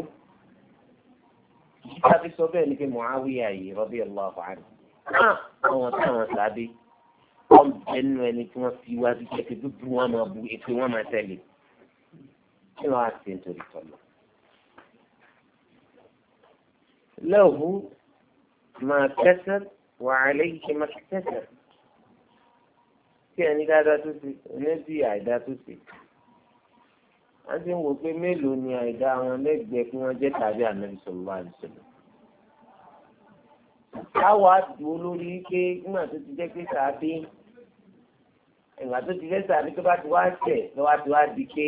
ìgbà tí sọ bẹ́ẹ̀ ni pé Muawiya yìí radiyallahu anhu ah, àwọn táwọn sábẹ́ wọ́n bẹ́ẹ̀ nù ẹni tí wọ́n fi wá sí pé dúdú wọn máa bu ètò wọn máa tẹ̀lé kí wọ́n á ṣe nítorí tọ́lọ̀. له ما كسب وعليه ما اكتسب يعني لا تسي نزي عدا تسي wọ́n ti ń wò pé mélòó ni àìdá wọn lẹ́gbẹ̀ẹ́ kí wọ́n jẹ́ tàbí ànábì sallallahu alaihi wasallam. káwa dùn lórí pé nígbà tó ti jẹ́ pé sàbí ìgbà tó ti jẹ́ sàbí tó bá ti wá tẹ̀ lọ́wọ́ ti wá di pé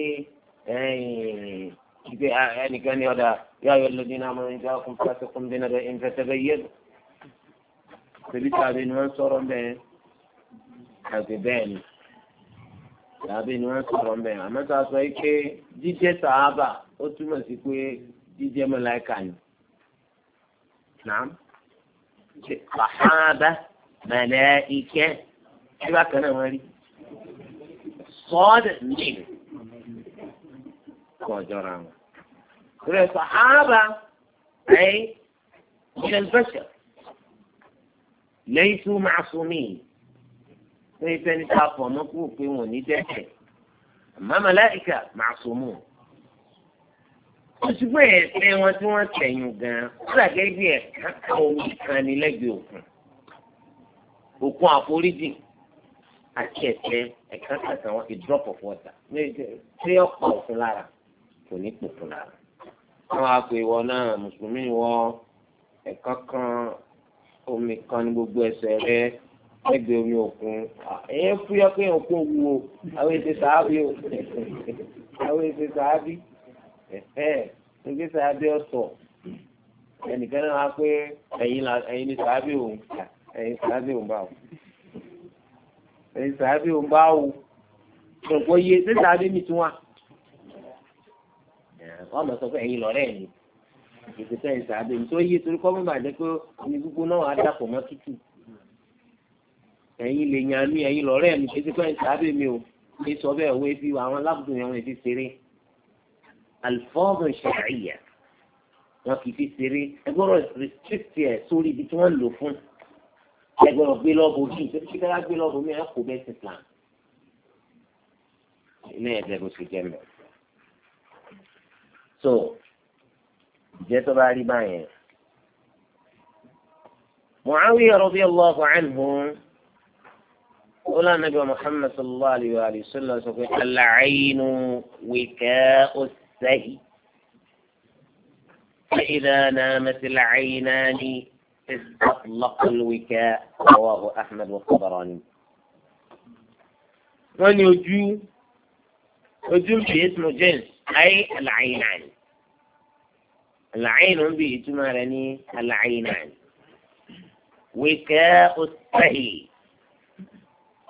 ìgbé ẹnìkan ní ọ̀dà yóò yọ lójú náà mo ń jẹ́ ọkùnrin kún bí náà ń fẹsẹ̀ bẹ́ yẹ. tẹ̀lé tàbí ni wọ́n sọ̀rọ̀ bẹ́ẹ̀ àti bẹ́ẹ̀ ni. tàbí ni wọ́n sọ̀rọ̀ mẹ́ àmọ́ tá a sọ pé jíjẹ́ sàábà ó túmọ̀ sí pé jíjẹ́ màláíkà ni. Nàám sàábà màláíkà ẹ bá kan wọ́n rí sọ́ọ̀dì nìyí kọ́ jọra wọn. sàábà bẹ́sẹ̀ lẹ́yìn tó máa mí. lórí fẹ́ni tá a fọ̀ mọ́ kúrò pé wọn ò ní dẹ́ṣẹ̀ àmọ́ màláìkà màsùmù ṣùgbọ́n ẹ̀ṣẹ̀ wọn tí wọ́n tẹ̀yìn gan-an ó dàgẹ́ bí ẹ̀ka omi kan ní lẹ́gbẹ̀ẹ́ òkun òkun àforíjì àti ẹ̀ṣẹ̀ ẹ̀ka kan àwọn a drop of water ṣé ọ̀pọ̀ òkun lára kò ní pòkun lára wọn á pè wọn náà mùsùlùmí wọn ẹ̀ka kan omi kan ní gbogbo ẹ̀ṣẹ̀ rẹ̀ ẹgbẹ́ omi òkun ẹ̀yẹn fúyọ́ pé òkun wúwo àwọn èsì sàábì o àwọn èsì sàábì ẹ̀ẹ́dẹ́gbẹ́ sàábì ọ̀sọ̀ ẹnìkan náà wá pé ẹ̀yin ni sàábì òun ẹ̀yin sàábì òun bá wò ẹ̀yin sàábì òun bá wò ọ̀pọ̀ iye ṣé sàábì mi tún wà wọ́n mọ̀ sọ pé ẹ̀yin lọ́rẹ́ mi ìpèsè ẹ̀yin sàábì mi tó yé torí kọ́ mọ́ bàjẹ́ pé omi gbogbo náà á dàpọ̀ mọ́ tútù ẹ̀yin lè yàn mí ẹ̀yin lọ́rẹ́ mi kéde pé sábẹ́ mi ò ní sọ bẹ́ẹ̀ wọ́n ebi àwọn alábùdùn yẹn wọ́n ebi ṣeré alifọ́ọ̀mù ṣàríyà wọn kì í fi ṣeré ẹgbọ́rọ̀ restrict ẹ̀ sórí ibi tí wọ́n lò fún ẹgbọ́rọ̀ gbé lọ́bù mi kí ká gbé lọ́bù mi ẹ̀ kò bẹ́ẹ̀ ti plan ilé ẹ̀dẹ̀ kò sì jẹ́ mọ́ so ìjẹ́ tó bá rí báyẹn Muawiya radiyallahu anhu. ولا نبي محمد صلى الله عليه وآله وسلم سوف العين وكاء السهي فإذا نامت العينان استطلق الوكاء رواه أحمد والطبراني من يجو يجو اسم جنس أي العينان العين بيتمارني العينان وكاء السهي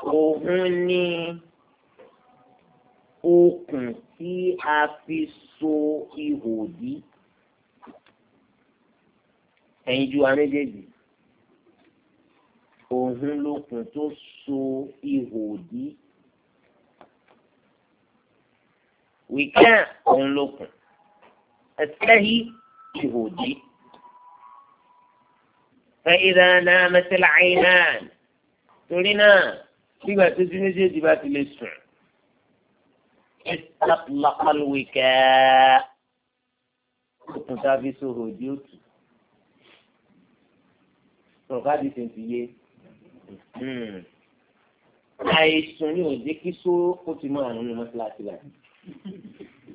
òun ni okùn tí a fi so ihò dí ẹ̀yìn ju wa méjèèjì òun lókun tó so ihò dí wíkẹ́ òun lókun ẹ̀sẹ́hí ihò dí. فإذا نامت العينان ترنا nígbà tó ti méjèèjì bá ti lè sùn ìtàkùnlákàlùwìkẹ́ òkun tàbí sòrò di òtù sọ̀rọ̀ká di tètè yé hmm. àìsùn ni ò jẹ́ kí só ó ti máa rún ní mọ́tíláṣí láti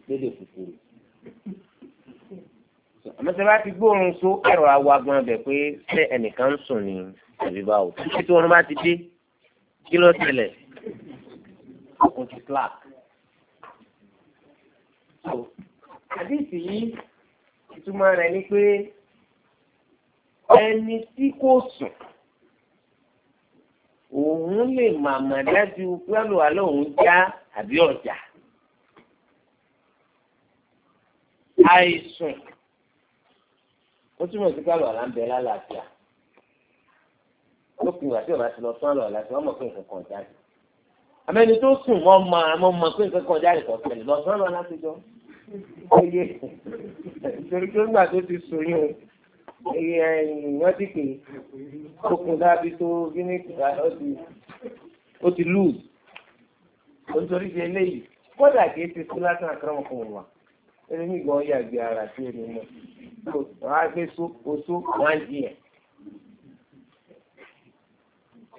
lédè kúkúrú àmọ́tẹ́ bá ti gbóòórùn só ẹ̀rọ awagbọn bẹ̀ pé ṣé ẹnìkan ń sùn ní àbí báwo títí tí oorun bá ti dé kí ló tẹ̀lẹ̀ kò ti flak. àdìsí yìí ìtumọ̀ rẹ̀ ni pé ẹni tí kò sùn òun lè màmá dájú pẹ́lú àlọ́ òun já àbí ọ̀jà. àìsùn ó túmọ̀ sí pẹ́lú àlá ń bẹ lálàáfíà lópin ìgbà tí ọ̀la ti lọ sán lọ ọ̀la tí wọ́n mọ̀ pé nǹkan kan jáde àmẹ́ni tó sùn wọ́n mọ àmọ́ mọ pé nǹkan kan jáde kọ̀ tẹ̀lé lọ sán lọ láti jọ oye ìṣòro tó gbà tó ti sùn yín o iye wọ́n ti pè okùn dábí tó gíníkì ó ti lùz nítorí ti eléyìí kódà kì í ti sún lásán àkàràmọ̀kùn wà ẹni nígbà ó yàgbé ara sí ẹni mọ́ wọ́n á gbé oṣù wọ́n á jiyàn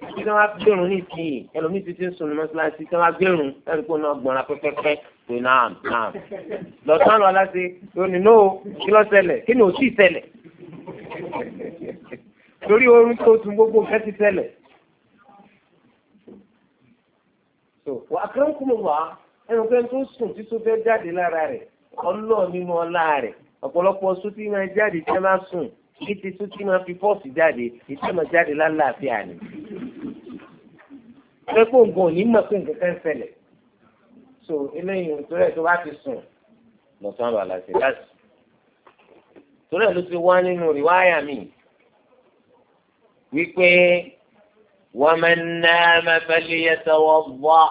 ibi tí wọn gbẹrun ní ìsìn ẹlòmíì ti ti ń sunu mọ́ṣáláṣí tí wọn gbẹrun láti kó náà gbọ̀nra pẹ́pẹ́pẹ́ pé náà náà lọ́sàn án lọ aláṣẹ lónìí náà kí ló ṣẹlẹ̀ kí ni ò tí ì ṣẹlẹ̀ torí oorun tó tún gbogbo nǹkan ti ṣẹlẹ̀. wà á kàn kúmọ̀ wá ẹnu pé tó sùn tí tó fẹ́ jáde lára rẹ̀ ọlọ́ọ̀ nínú ọlá rẹ̀ ọ̀pọ̀lọpọ̀ sùn máa jáde tí wọ́n bá sùn kí ti sún tí máa fi fọ́ọ̀sì jáde ìtẹ́ máa jáde lálàáfíà ni. pé kó nǹkan ò ní mọ̀ pé nǹkan kan ṣẹlẹ̀ so eléyìí nítorí ẹ̀ tó bá ti sùn lọ́sàn án bàlá sí láti. torí ẹ̀ ló ti wá nínú rìwáyà mi wípé wọ́n máa ń ná mẹ́fẹ́lẹ́yẹsẹ̀ wọ́n bọ́.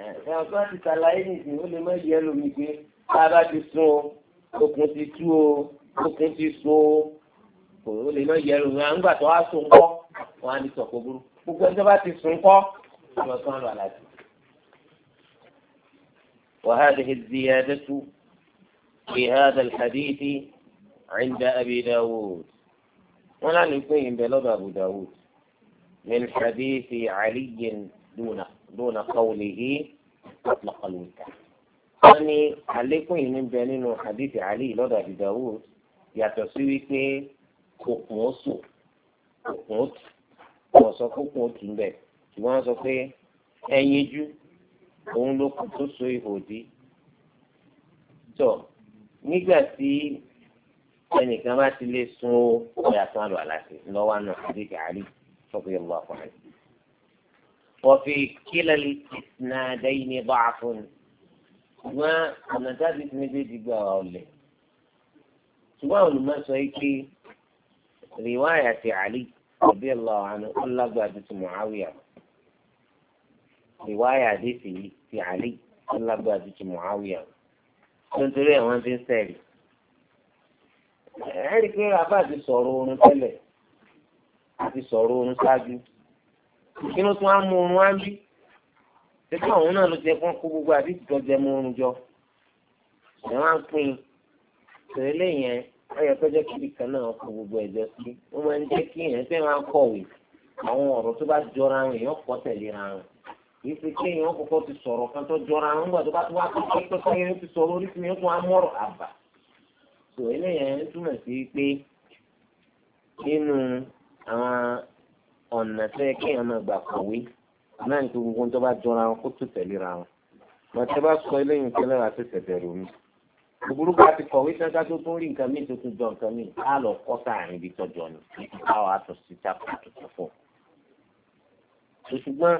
ẹ̀ ẹ̀ ọ̀gá ti ṣàlàyé nìyí ó lè má yẹ lómi pé tá a bá ti sùn okùn ti tú o okùn ti sùn o kò ó lè lọ yẹrù wọn à tó wá sun kọ́ wọn á ní sọ̀kò burú gbogbo ẹni tó bá ti sun kọ́ lọ sọ́n lọ àlàjì. وهذه الزيادة في هذا الحديث عند أبي داود ولا نقيم بلد أبو داود من حديث علي دون دون قوله أطلق الوكالة wọ́n ní àlékún yìí ń bẹ nínú hadith ali lọ́dọ̀ àbí dawud yàtọ̀ sí wípé okùn ó sò okùn ó tù wọ́n sọ pé okùn ó tù ń bẹ̀ ṣùgbọ́n wọ́n sọ pé ẹyin jú òun ló kù tó so ihò dí. tó nígbà tí ẹnìkan bá ti lè sun ọ̀yà tán lọ àlàsì lọ́wọ́ náà àti gàárì sọ́kùn yẹn lọ́wọ́ àkọ́rẹ́. وفي كلا الاسنادين ضعف ṣùgbọ́n ọ̀nà tábìlì méjèèjì gbà ọ̀lẹ̀ ṣùgbọ́n olùmọ̀ sọ yìí pé rìwáyà ti àlì radiyallahu anhu ó lágbára ju ti Muawiya rìwáyà àdéhìí yìí ti àlì ó lágbára ju ti Muawiya tó ń torí ẹ̀ wọ́n fi ń sẹ́rì ẹ̀ rí i pé rafa ti sọ̀rọ̀ oorun tẹ́lẹ̀ àti sọ̀rọ̀ oorun ṣáájú kí tún á mú oorun á bí ṣètò àwọn náà ló jẹ kó gbogbo àdéhìí tó mú oorun jọ ẹ̀ wọ́n á pín in tẹ̀lé yẹn ẹ̀yẹ tó jẹ́ kíbi kan náà kó gbogbo ẹ̀jọ́ sí ó máa ń jẹ́ kí èèyàn fẹ́ máa kọ̀wé àwọn ọ̀rọ̀ tó bá jọra àwọn èèyàn kọ́ tẹ̀léra wọn kìí ṣe kí èèyàn kọ́kọ́ ti sọ̀rọ̀ kan tó jọra àwọn ìgbà tó bá tó wá tó kọ́ pé kọ́ yẹn ti sọ̀rọ̀ orí fún yẹn tó wá mọ́rọ̀ àbà tó eléyẹn túmọ̀ sí pé nínú àwọn ọ̀nà tó yẹ kí èèyàn máa gbà kọ̀wé náà ní gbogbo tó bá jọra wọn kó tó tẹ̀léra wọn mọ̀tẹ́ bá sọ eléyìí tẹ́lẹ̀ wá tó òbúrú bá ti kọ̀wé sẹ́ńtà tó tún rí nǹkan míì tó tún jọ nǹkan míì á lọ kọ́ sáàrin ibi tọ́jọ́ ni títí káwọn aṣọ sí tápà tuntun fún un. ṣùgbọ́n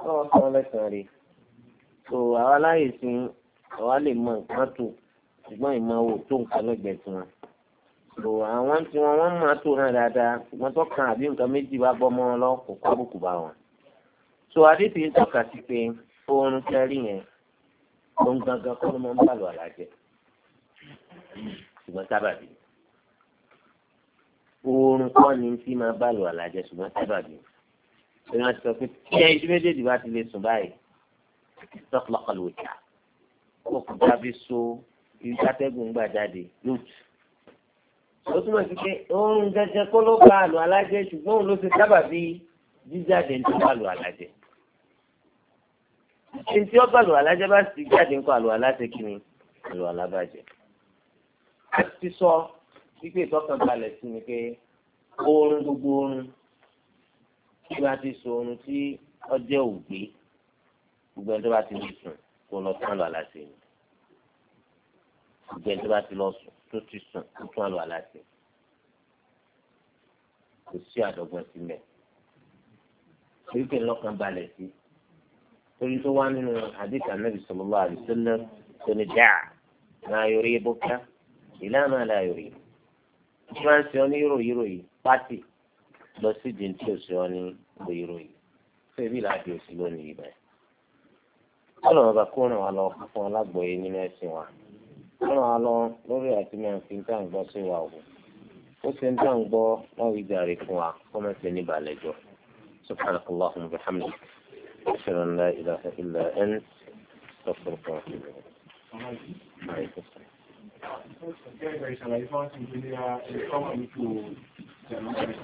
káwọn sọ lẹ́sàn-án rè so àwa láyè sí àwa lè mọ nǹkan tó ṣùgbọ́n ìmọ̀ wò tó nǹkan lẹ́gbẹ̀ẹ́ tí wọn. so àwọn tí wọn wọ́n máa tó náà dáadáa ṣùgbọ́n tó kan àbí nǹkan méjì bá bọ́ mọ́ wọn lọ kò kábùkù bá wọn. so adébíyí tọ́ka ṣùgbọ́n sábàbí oorun kọ́ ni tí máa bá lò àlàjẹ ṣùgbọ́n sábàbí ẹni wọn ti sọ pé tí ẹ ibi méjèèjì bá ti lè sùn báyìí tọ́kùlọ́kọ̀ ló jà ó kò dábí so ibi kátẹ́gùn gbà jáde lóòtù ó túmọ̀ sí pé oorun gẹ́gẹ́ kó ló bá lò àlàjẹ ṣùgbọ́n òun ló ṣe sábàbí jíjáde tó bá lò àlàjẹ ẹni tí ó bá lò àlàjẹ bá sì jáde ńkọ́ àlò àlàjẹ kí àlò àlàbàjẹ́ a ti sọ wípé ìtọ́kàn balẹ̀ sí ni pé oorun gbogbo oorun tí wọ́n ti sọ oorun tí ọjọ́ ògbé gbogbo ẹni tó bá ti lè sùn kó lọ tán lọ àlàsè ni gbogbo ẹni tó bá ti lọ sùn tó ti sùn kó tán lọ àlàsè kò sí àdọ́gbọ́n sí mẹ́ wípé lọ́kàn balẹ̀ sí torí tó wá nínú àdìkà Nabi sallallahu tó ní dáa náà yọrí ebó ìlànà àlàyòrì tí wọ́n ń ṣe ọ ní ròyìnròyìn pátì lọ sí di tí ò ṣe ọ ní ròyìnròyìn fún ebi láti òsì lónìí ibẹ̀. ọlọ́run ọba kó ràn wá lọ fún alágbọ̀ọ́yé nínú ẹ̀sìn wa kó ràn wá lọ lórí àti máa fi ń tà ń gbọ́ sí wa o ó ṣe ń tà ń gbọ́ láwùjọ ìjàre fún wa kó má ṣe ní balẹ̀ jọ. سبحانك اللهم وبحمدك أشهد أن لا إله إلا أنت أستغفرك وأتوب A jan mwen apan sentimental bat ki anote kadas yo dohan, sou ou krok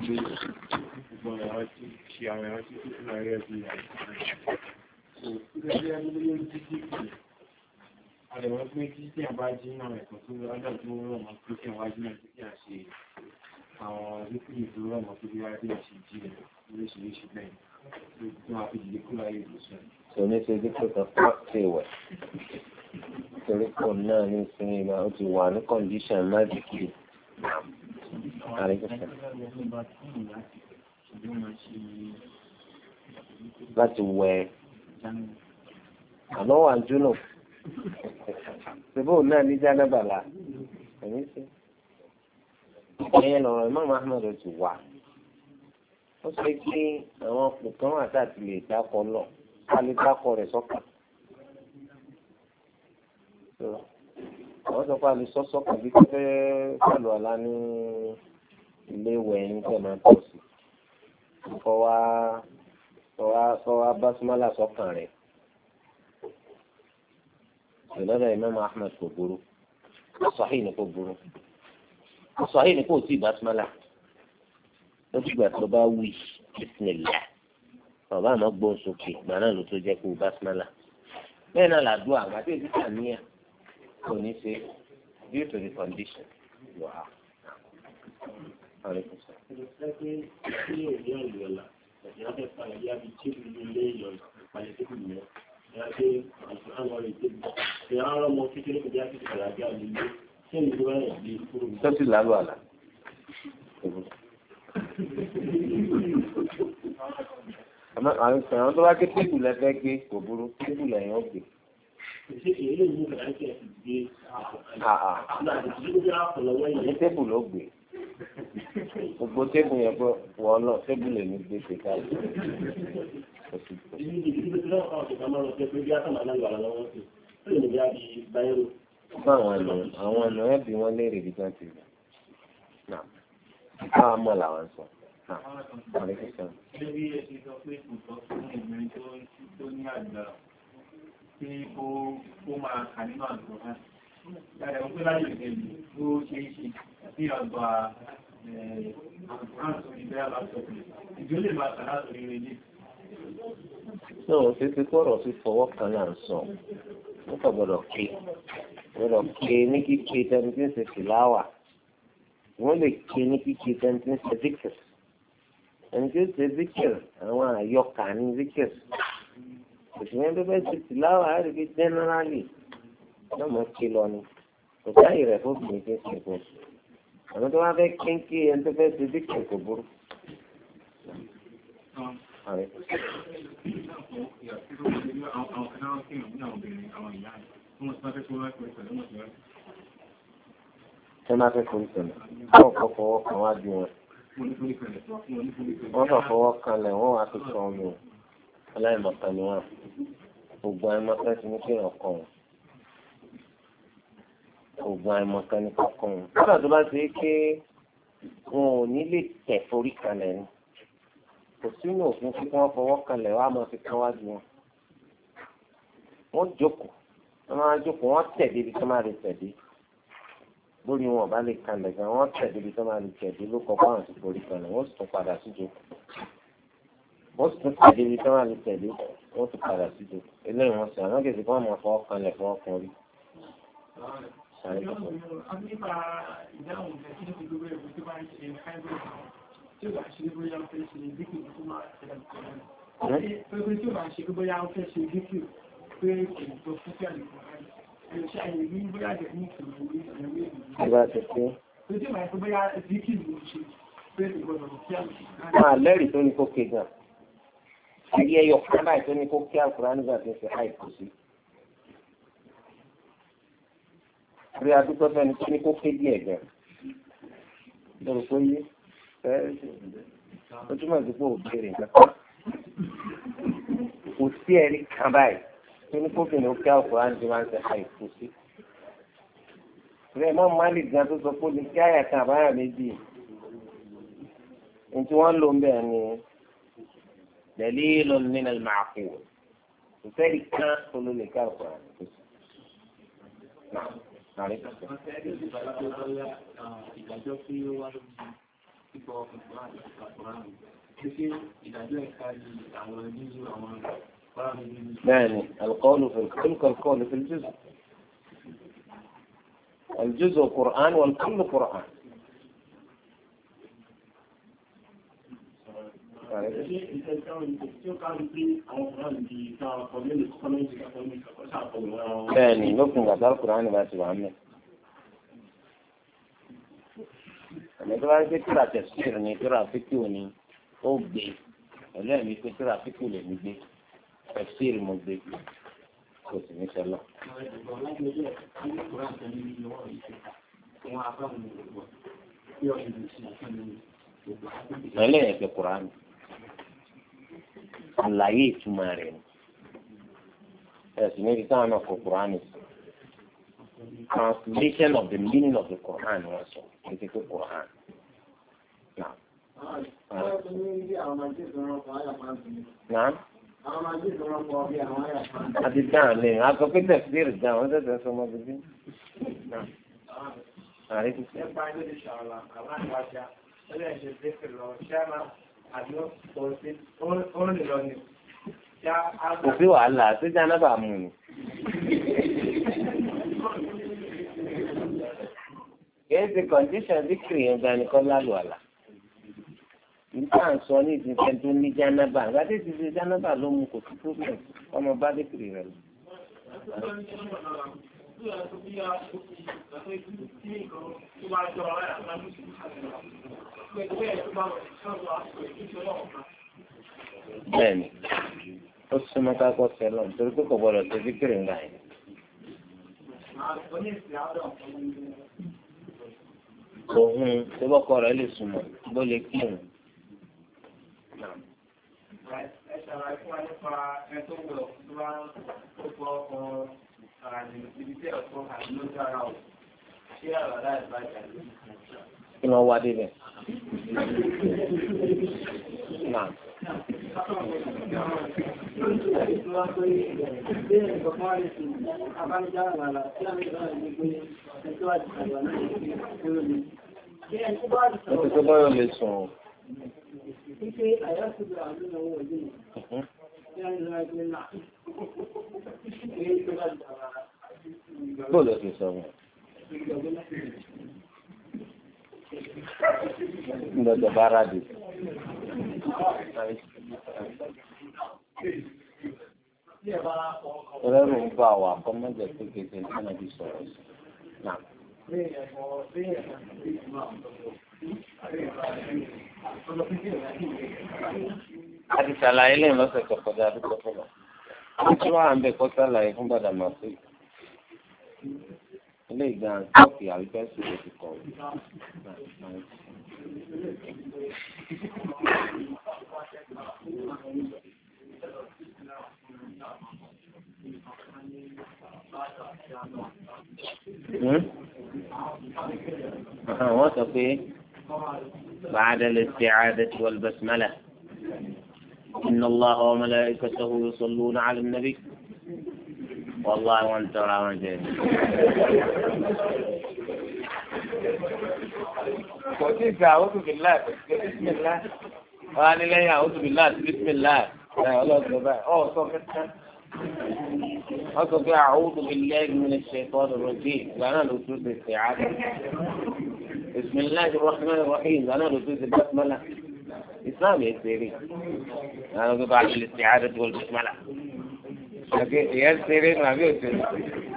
17약, an li wante ek tur kon jan BR cannabis lakman ak se yo krok learn soldye an. Mwen ili se online a lakman学 nan an pa ki jere ba Toilet Dwa ge دelik aly apyan sa genzama yetت laoris. torí kò náà ní ìsinmi ìgbà ó ti wà ní kọ́ndíṣàn májìkì láti wẹ̀ àná wà ń dúnà ṣùgbọ́n òun náà ní jánábàlá ẹ̀mí sí ẹ̀yẹn lọ́rọ̀ Imam Ahmad ti wà ó sọ pé àwọn ọkùnrin kan wà tá a ti lè dákọ̀ lọ ká lè dákọ̀ rẹ̀ sọ́kàn àwọn sọ pé a lè sọ́sọ́ pàbí tó fẹ́ pẹ̀lú ọ̀la ní ilé ìwẹ̀ ní tẹ̀mọ̀ pọ̀ sí fọwá fọwá básímọ́là sọ́kàn rẹ̀ ìlọ́dọ̀ Imam Ahmed kò burú sọ́hìn ni kò burú sọ́hìn ni kò tí ì básímọ́là ó ti gbà tó bá wí bísímìlá bàbá àmọ́ gbóhùn sókè gbà náà ló tó jẹ́ kó básímọ́là bẹ́ẹ̀ náà làdúrà àgbàdo ìdíkà níyà kò ní ṣe due to the condition you are. Sọ́sì lálọ́ àlà. Àwọn tó bá ké tébù lẹ́fẹ́ gbé kò burú, tébù lẹ́yìn ó gbé ní tébù ló gbé gbogbo tébù yẹn pé wọ́n lọ tébù lè ní gbé ṣe káyọ̀. báwọn ẹnu àwọn ẹnu ẹ bí wọn léèrè bí wọn ti rí náà mọ làwọn sọ. Àwọn ọ̀sán tí wọ́n ń bí ẹ̀sìn sọ pé kò sọ fún ìgbìmọ̀ tó ní àgbà tí ó máa kà nínú àgbò náà. Yàrá òpin láyé ìgbẹ̀lú tó ṣe é ṣe sí àgbà àgbòrán sórí bẹ́ẹ̀ lásọ̀tì. Ìjọ lè máa kà látòrí rẹ̀ ní. Ṣé òun fi fi kọ́rọ̀ sí fọwọ́ kan náà ń sọ? Wọ́n kàn gbọ́dọ̀ ké. Gbọ́dọ̀ ké ní kíké tẹni tí ń ṣe fìláwà. Wọ́n lè ké ní kíké tẹni tí ń ṣe zikir. Ẹni tí ó ṣe zikir àwọn àyọkà ní zikir òṣìṣẹ́ tó fẹ́ ṣe tìláwà á rí i pé jẹ́nẹ́rálì yóò mọ̀ kí lọ ni kò sáyè rẹ̀ fún obìnrin tó ṣe kó àmọ́ tó bá fẹ́ kéńké ẹni tó fẹ́ ṣe díkì kò burú. Ṣé máa fẹ́ forí sọ̀rọ̀? Báwo kọ́ fọwọ́ kan wájú wọn? Wọ́n kàn fọwọ́ kan lẹ̀ wọ́n wá fi sọ omi o aláìmọ̀kan ni wọ́n gbogbo àìmọ̀kan ti ní kí èèyàn kọ̀ wọ́n gbogbo àìmọ̀kan ni kọ̀ wọ́n. nígbà tó bá ṣe é pé wọn ò ní lè tẹ̀ forí kalẹ̀ ni kò sínú òfin tí wọ́n fọwọ́ kalẹ̀ wá máa fi kán wá ju wọn. wọ́n jókòó wọ́n máa jókòó wọ́n tẹ̀ débi tó máa lè tẹ̀ lórí wọn ọba lè kalẹ̀ gan wọ́n tẹ̀ débi tó máa lè tẹ̀ ló kọ́ fáwọn ti forí kalẹ̀ wọ́n sì tún padà sí jókòó wọ́n sì tún pàdé ibi tí wọ́n lè tẹ̀lé wọ́n sì padà síbi eléyìí wọ́n sì àwọn kèsì kan máa fọwọ́ kanlẹ̀ fún ọkùnrin. Ìgbà tẹ̀sí. Máa lẹ́rìí tó ní kó ké ayé ẹyọ kan báyìí tó ní kó kí àkùrá nígbà tó fi háì kù sí. rí adúgbò fẹ́ni tó ní kó ké díẹ̀ gan. lórí tó yé ẹ ó túmọ̀ sí pé ò béèrè nǹkan kan. kò sí ẹ̀rí kan báyìí tó ní kó bìnrin ó kí àkùrá nígbà tó máa ń fi háì kù sí. rí mọ́ málì gan tó sọ pé ó lè kí àyà kan àbáyà méjì. ní wọ́n ń lò ń bẹ̀ ni. دليل من المعقول وذلك كان كل نكاح قرآن نعم يعني القول في الكل كالقول في الجزء الجزء قرآن والكل قرآن Bẹ́ẹ̀ni, lókun gbàtà Kùránì bá ti wà mẹ́. Àmì tó bá ń gbé tíra tẹ̀síìrì ni tíra fíkì òní ó gbé. Pẹ̀lú ẹ̀mí pé tíra fíkì lè mí gbé. Tẹ̀síìrì mo gbé. Kò sì ní sẹ́lọ̀. Pẹ̀lú ẹ̀yẹ̀ kẹ́ Kùránì àlàyé ìtumọ̀ rẹ̀ ni ẹ̀sìn méjì táwọn náà kọ kùránì translation of the meaning of the Quran wọ́n sọ ètò ìpè Quran. Náà. Àti dáhùn lè rìn, a sọ pé tẹ̀síìrì dáhùn, ó tẹ̀síìrì sọmọ bíbí. Nípa ilé ìṣàlá, àbá ìwájà, ó lè ṣe pé kìlọ̀ ṣẹ́ máa. Kò sí wàhálà, ṣé jánábà mú ni? Kìí ṣe kọ̀ǹdíṣàn díkìrì yẹn gan nìkan lálù àlà. Nígbà ń sọ ní ìdíjẹ́ tó ní jánábà, ìgbàdé ti ṣe jánábà ló mú kò sí problem, ọmọ bá díkìrì rẹ̀ lọ. Bẹ́ẹ̀ni, ó súnmọ́ ká kọ́ sẹ́lọ̀ nítorí pé kò gbọ́dọ̀ ṣe fíkìrì ńlá yìí. Òhun tó bọ́kọ rẹ̀ lè súnmọ́ bó lè kí òun. Ẹ ṣàlàyé fún wa nípa ẹ tó gbọ́dọ̀ tó bá ń kó ọkọ̀ kí wọ́n wá débẹ̀. Ó ti tó báyọ̀ Bọ́ọ̀lù ẹ̀sìn sọ wọn. Ndọ̀dọ̀ bá ara dì. Rẹ́rù ń bá wa kọ́ mọ́jẹ̀ pé kéde ní ọ̀nà bí sọ̀rọ̀ sí. Àdìsàlàyé lè lọ́sẹ̀ tó kọjá dúpọ̀ wọ́n tún wà ń bẹ kó sálàyé fún bàdà màsí ilé ìgbà ṣọ́ọ̀kì àlùfẹ́sì ló ti kọ̀ wọ́n sọ pé bàdà lè ṣe àádẹ́tì wọlé bẹ́sìmẹ́lẹ̀. إن الله وملائكته يصلون على النبي والله وانت ولا وانت وانا لا اعوذ بالله بسم الله لا لا اوه صفت حصل بي اعوذ بالله من الشيطان الرجيم وانا لسوس الاستعادة بسم الله الرحمن الرحيم وانا لسوس البسملة islam yẹn ṣeré àwọn ọgbẹ́ bá a lè ṣe àádọ́ tó lè mọ́lá ìyẹn ṣeré nù àbí òṣèlú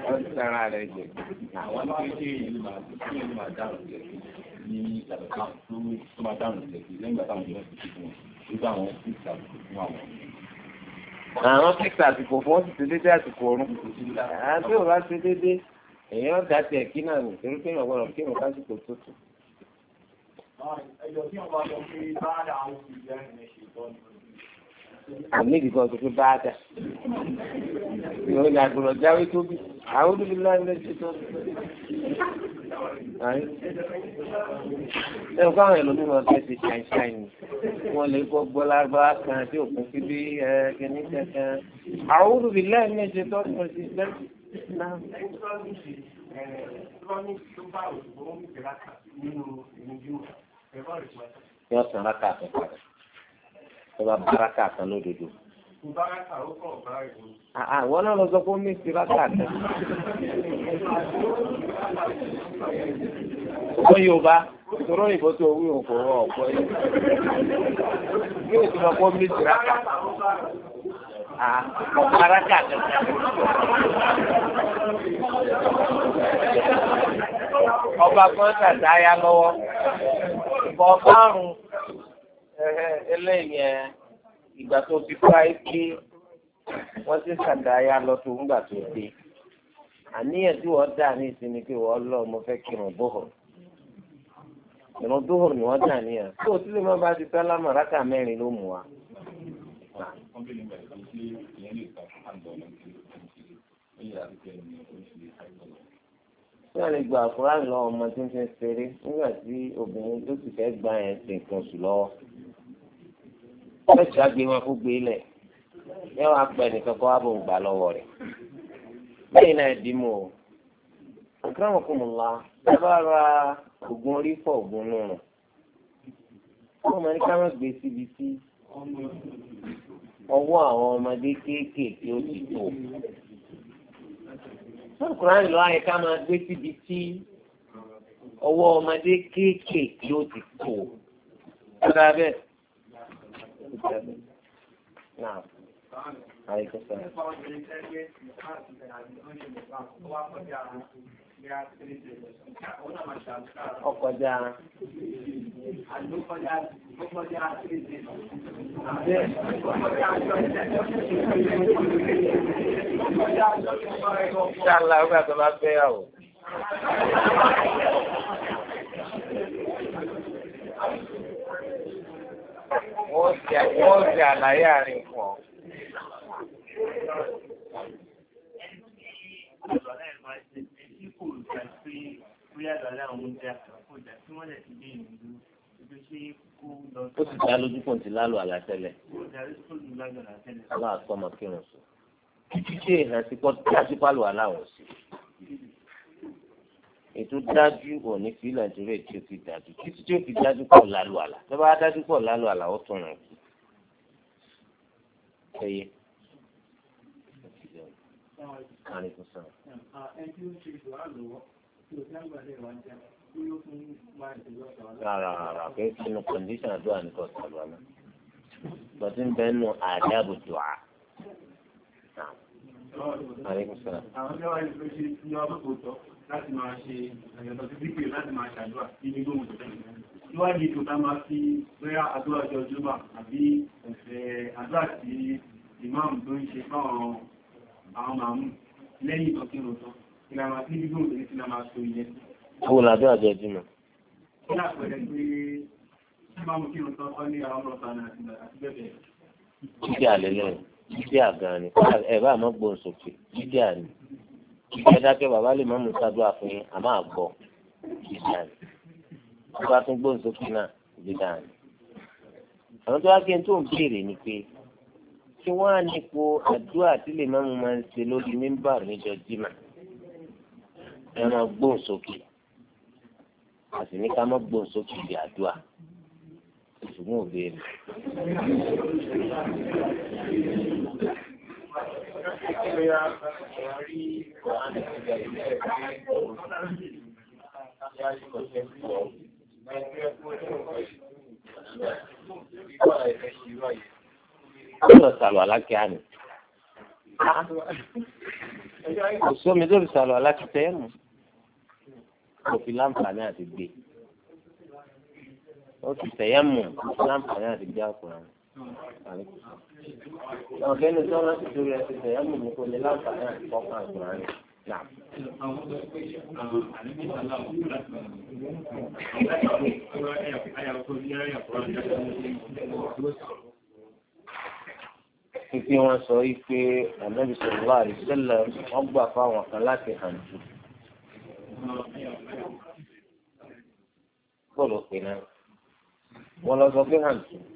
wọ́n ti sara rẹ̀ jẹ. àwọn tó ṣe ìlú máa ṣe ìlú máa dáhùn jẹ ní ìtàkùn tó máa dáhùn jẹ lẹ́yìn ìgbà táwọn ìjọba ti ṣe fún wọn nígbà wọn ti ṣàkóso fún àwọn àwọn fíkà àsìkò fún wọn ti ṣe déédéé àsìkò ọrùn àti òun bá ṣe èèyàn dá tiẹ̀ kí náà nì torí pé èèyàn gbọ́dọ̀ kí èèyàn lásìkò tó tù àmì ìdìbò tó fi bá a dà ìròyìn àgbọ̀rọ̀ jáwé tó bí àwọn olùbí láìlẹ̀ ṣe tó ẹ kọ́ àwọn ẹlòmíì máa fẹ́ ti ṣàìṣàì wọn lè kọ́ gbọ́lágbá kan tí òkun fi bí ẹ kìíní kankan àwọn olùbí láìlẹ̀ ṣe tó ṣe náà yóò san raka kan padà tó bá baraka kan lódodo. àwọn ah, ah, náà lọ sọ pé ó mí sí raka kan. ó yóò bá ìṣòro òyìnbó tó wí òǹkó ọ̀pọ̀ yìí. yóò tún lọ pé ó mí sí raka. a baraka ọba kan tàtà ya lọ́wọ́ ìbọn márùn eléyìí tó ti fà é pé ti ya lọ tó ngba tó dé àníyàn tí wọ́n dà ní ìsinmi pé wọ́n lọ mo fẹ́ kírun ni wọ́n dà níyàn tó o ti sálámà rákà ló mú wa. wọ́n lè gba àfúrásì lọ́wọ́ ọmọ tí ń fi ṣeré nígbà tí obìnrin tó sì fẹ́ gba ẹ̀ ṣe nǹkan oṣù lọ́wọ́. mẹ́ta gbé wọn fún gbé lẹ̀ yẹ wàá pẹ́ nìkan kó wá bò ń gbà lọ́wọ́ rẹ̀. lẹ́yìn náà dì mọ́ o. ìkàràmù kò mọ̀ la ẹ bá ra oògùn orí fọ̀ oògùn nù rùn. wọ́n mọ̀ ní ká má gbé síbi tí ọwọ́ àwọn ọmọdé kéékèèké ó ti tó. Sọ́kùnrin lọ ayé ká máa gbé síbi tí ọwọ́ ọmọdé kéékèèké ó ti tó. Ọ̀dà bẹ́ẹ̀. Náà, àyíkọ́ sọ̀rọ̀ ọkọjá ṣáàlà ọgbà tó bá fẹ́ yà wò. Wọ́n ṣe àlàyé àárín fún ọ kò jà pé bóyá lọ́la òun jà kò jà tí wọ́n lè ti dé ìlú ibi ṣé kó lọ. ó sì dá lójú kò ti lálù àlá tẹ́lẹ̀. ó dá lójú kò ti lálù àlá tẹ́lẹ̀. aláà sọmọ kí n sùn. títí ṣe ìhàn sí pọ́ tí a ti pálù aláwọ̀ sí. ètò dájú òní sí nàìjíríà tí ó fi dájú títí tí ó fi dájú pọ̀ lálù àlá tó bá dájú pọ̀ lálù àlá ó tún rìn kú. ẹyẹ. Aleykum salaam. Rárá rárá pé inú kọ̀ǹdíṣàn àdúrà ní kò sọ̀rọ̀ náà. Bọ̀dé ń bẹ nù àdábò dùà. Àwọn tí wọ́n yẹ kó ṣe ní ọdún tó tọ́ láti máa ṣe àyẹ̀tọ̀ sí pípé láti máa ṣàdúrà sí ní gbóhùn tó tẹ̀lé. Níwájú ètò tá máa fi rẹ́rà àdúrà jọ jùmọ̀ àbí àdúrà sí ìmáàmù tó ń ṣe fáwọn àwọn màmú lẹ́yìn ìtọ́kírun tán ìlànà àti ibi gbòòrò ní ìlànà àti ìyẹn. Àwọn olùdó àjọ ìdìmọ̀. Ó lápẹẹrẹ pé ṣé máa mú kírun tán kọ́ ní àwọn ọ̀sán àti bẹ́ẹ̀ Jíjẹ́ àlẹ́ lẹ́yìn, jíjẹ́ àgàn ni, ẹ bá àmọ́ gbọ́n sókè, jíjẹ́ àlẹ́. Jíjẹ́ dákẹ́ bàbá lè mọ́ mú sádùá fún yín, àmọ́ àgbọ̀, jíjẹ́ àlẹ́. Wọ́n bá tún gbọ́n sókè náà, jíjẹ́ àlẹ́. Àwọn tó wá kí n tó ń béèrè ni pé kí wọ́n á nípo àdúrà tí lè máa mú máa ń ṣe lórí mímbà níjọ́ jimá ẹ máa gbóhùn sókè àti ní ká má gbóhùn sókè di àdúrà ìṣùgbọ́n ò béèrè. Thank ọ̀sọ̀ sàlù alákẹ́ àná. kò sómi tó fi sàlù alákẹ́ tẹ́ mú kò fi láǹfààní àti gbé ó fi tẹ̀yẹ́ mú kò fi láǹfààní àti gbé àkùrán. ọ̀gá ẹni tó rántí torí ẹ ti tẹ̀yẹ́ mú kò ní láǹfààní àti kọ́kọ́ àkùrán. Nàà. Àwọn fífi wọn sọ wípé ànábì sallallahu alaihi wasallam wọn gbà fáwọn kan láti hàn jù bọ́ọ̀lù pè náà wọn lọ sọ pé hàn jù.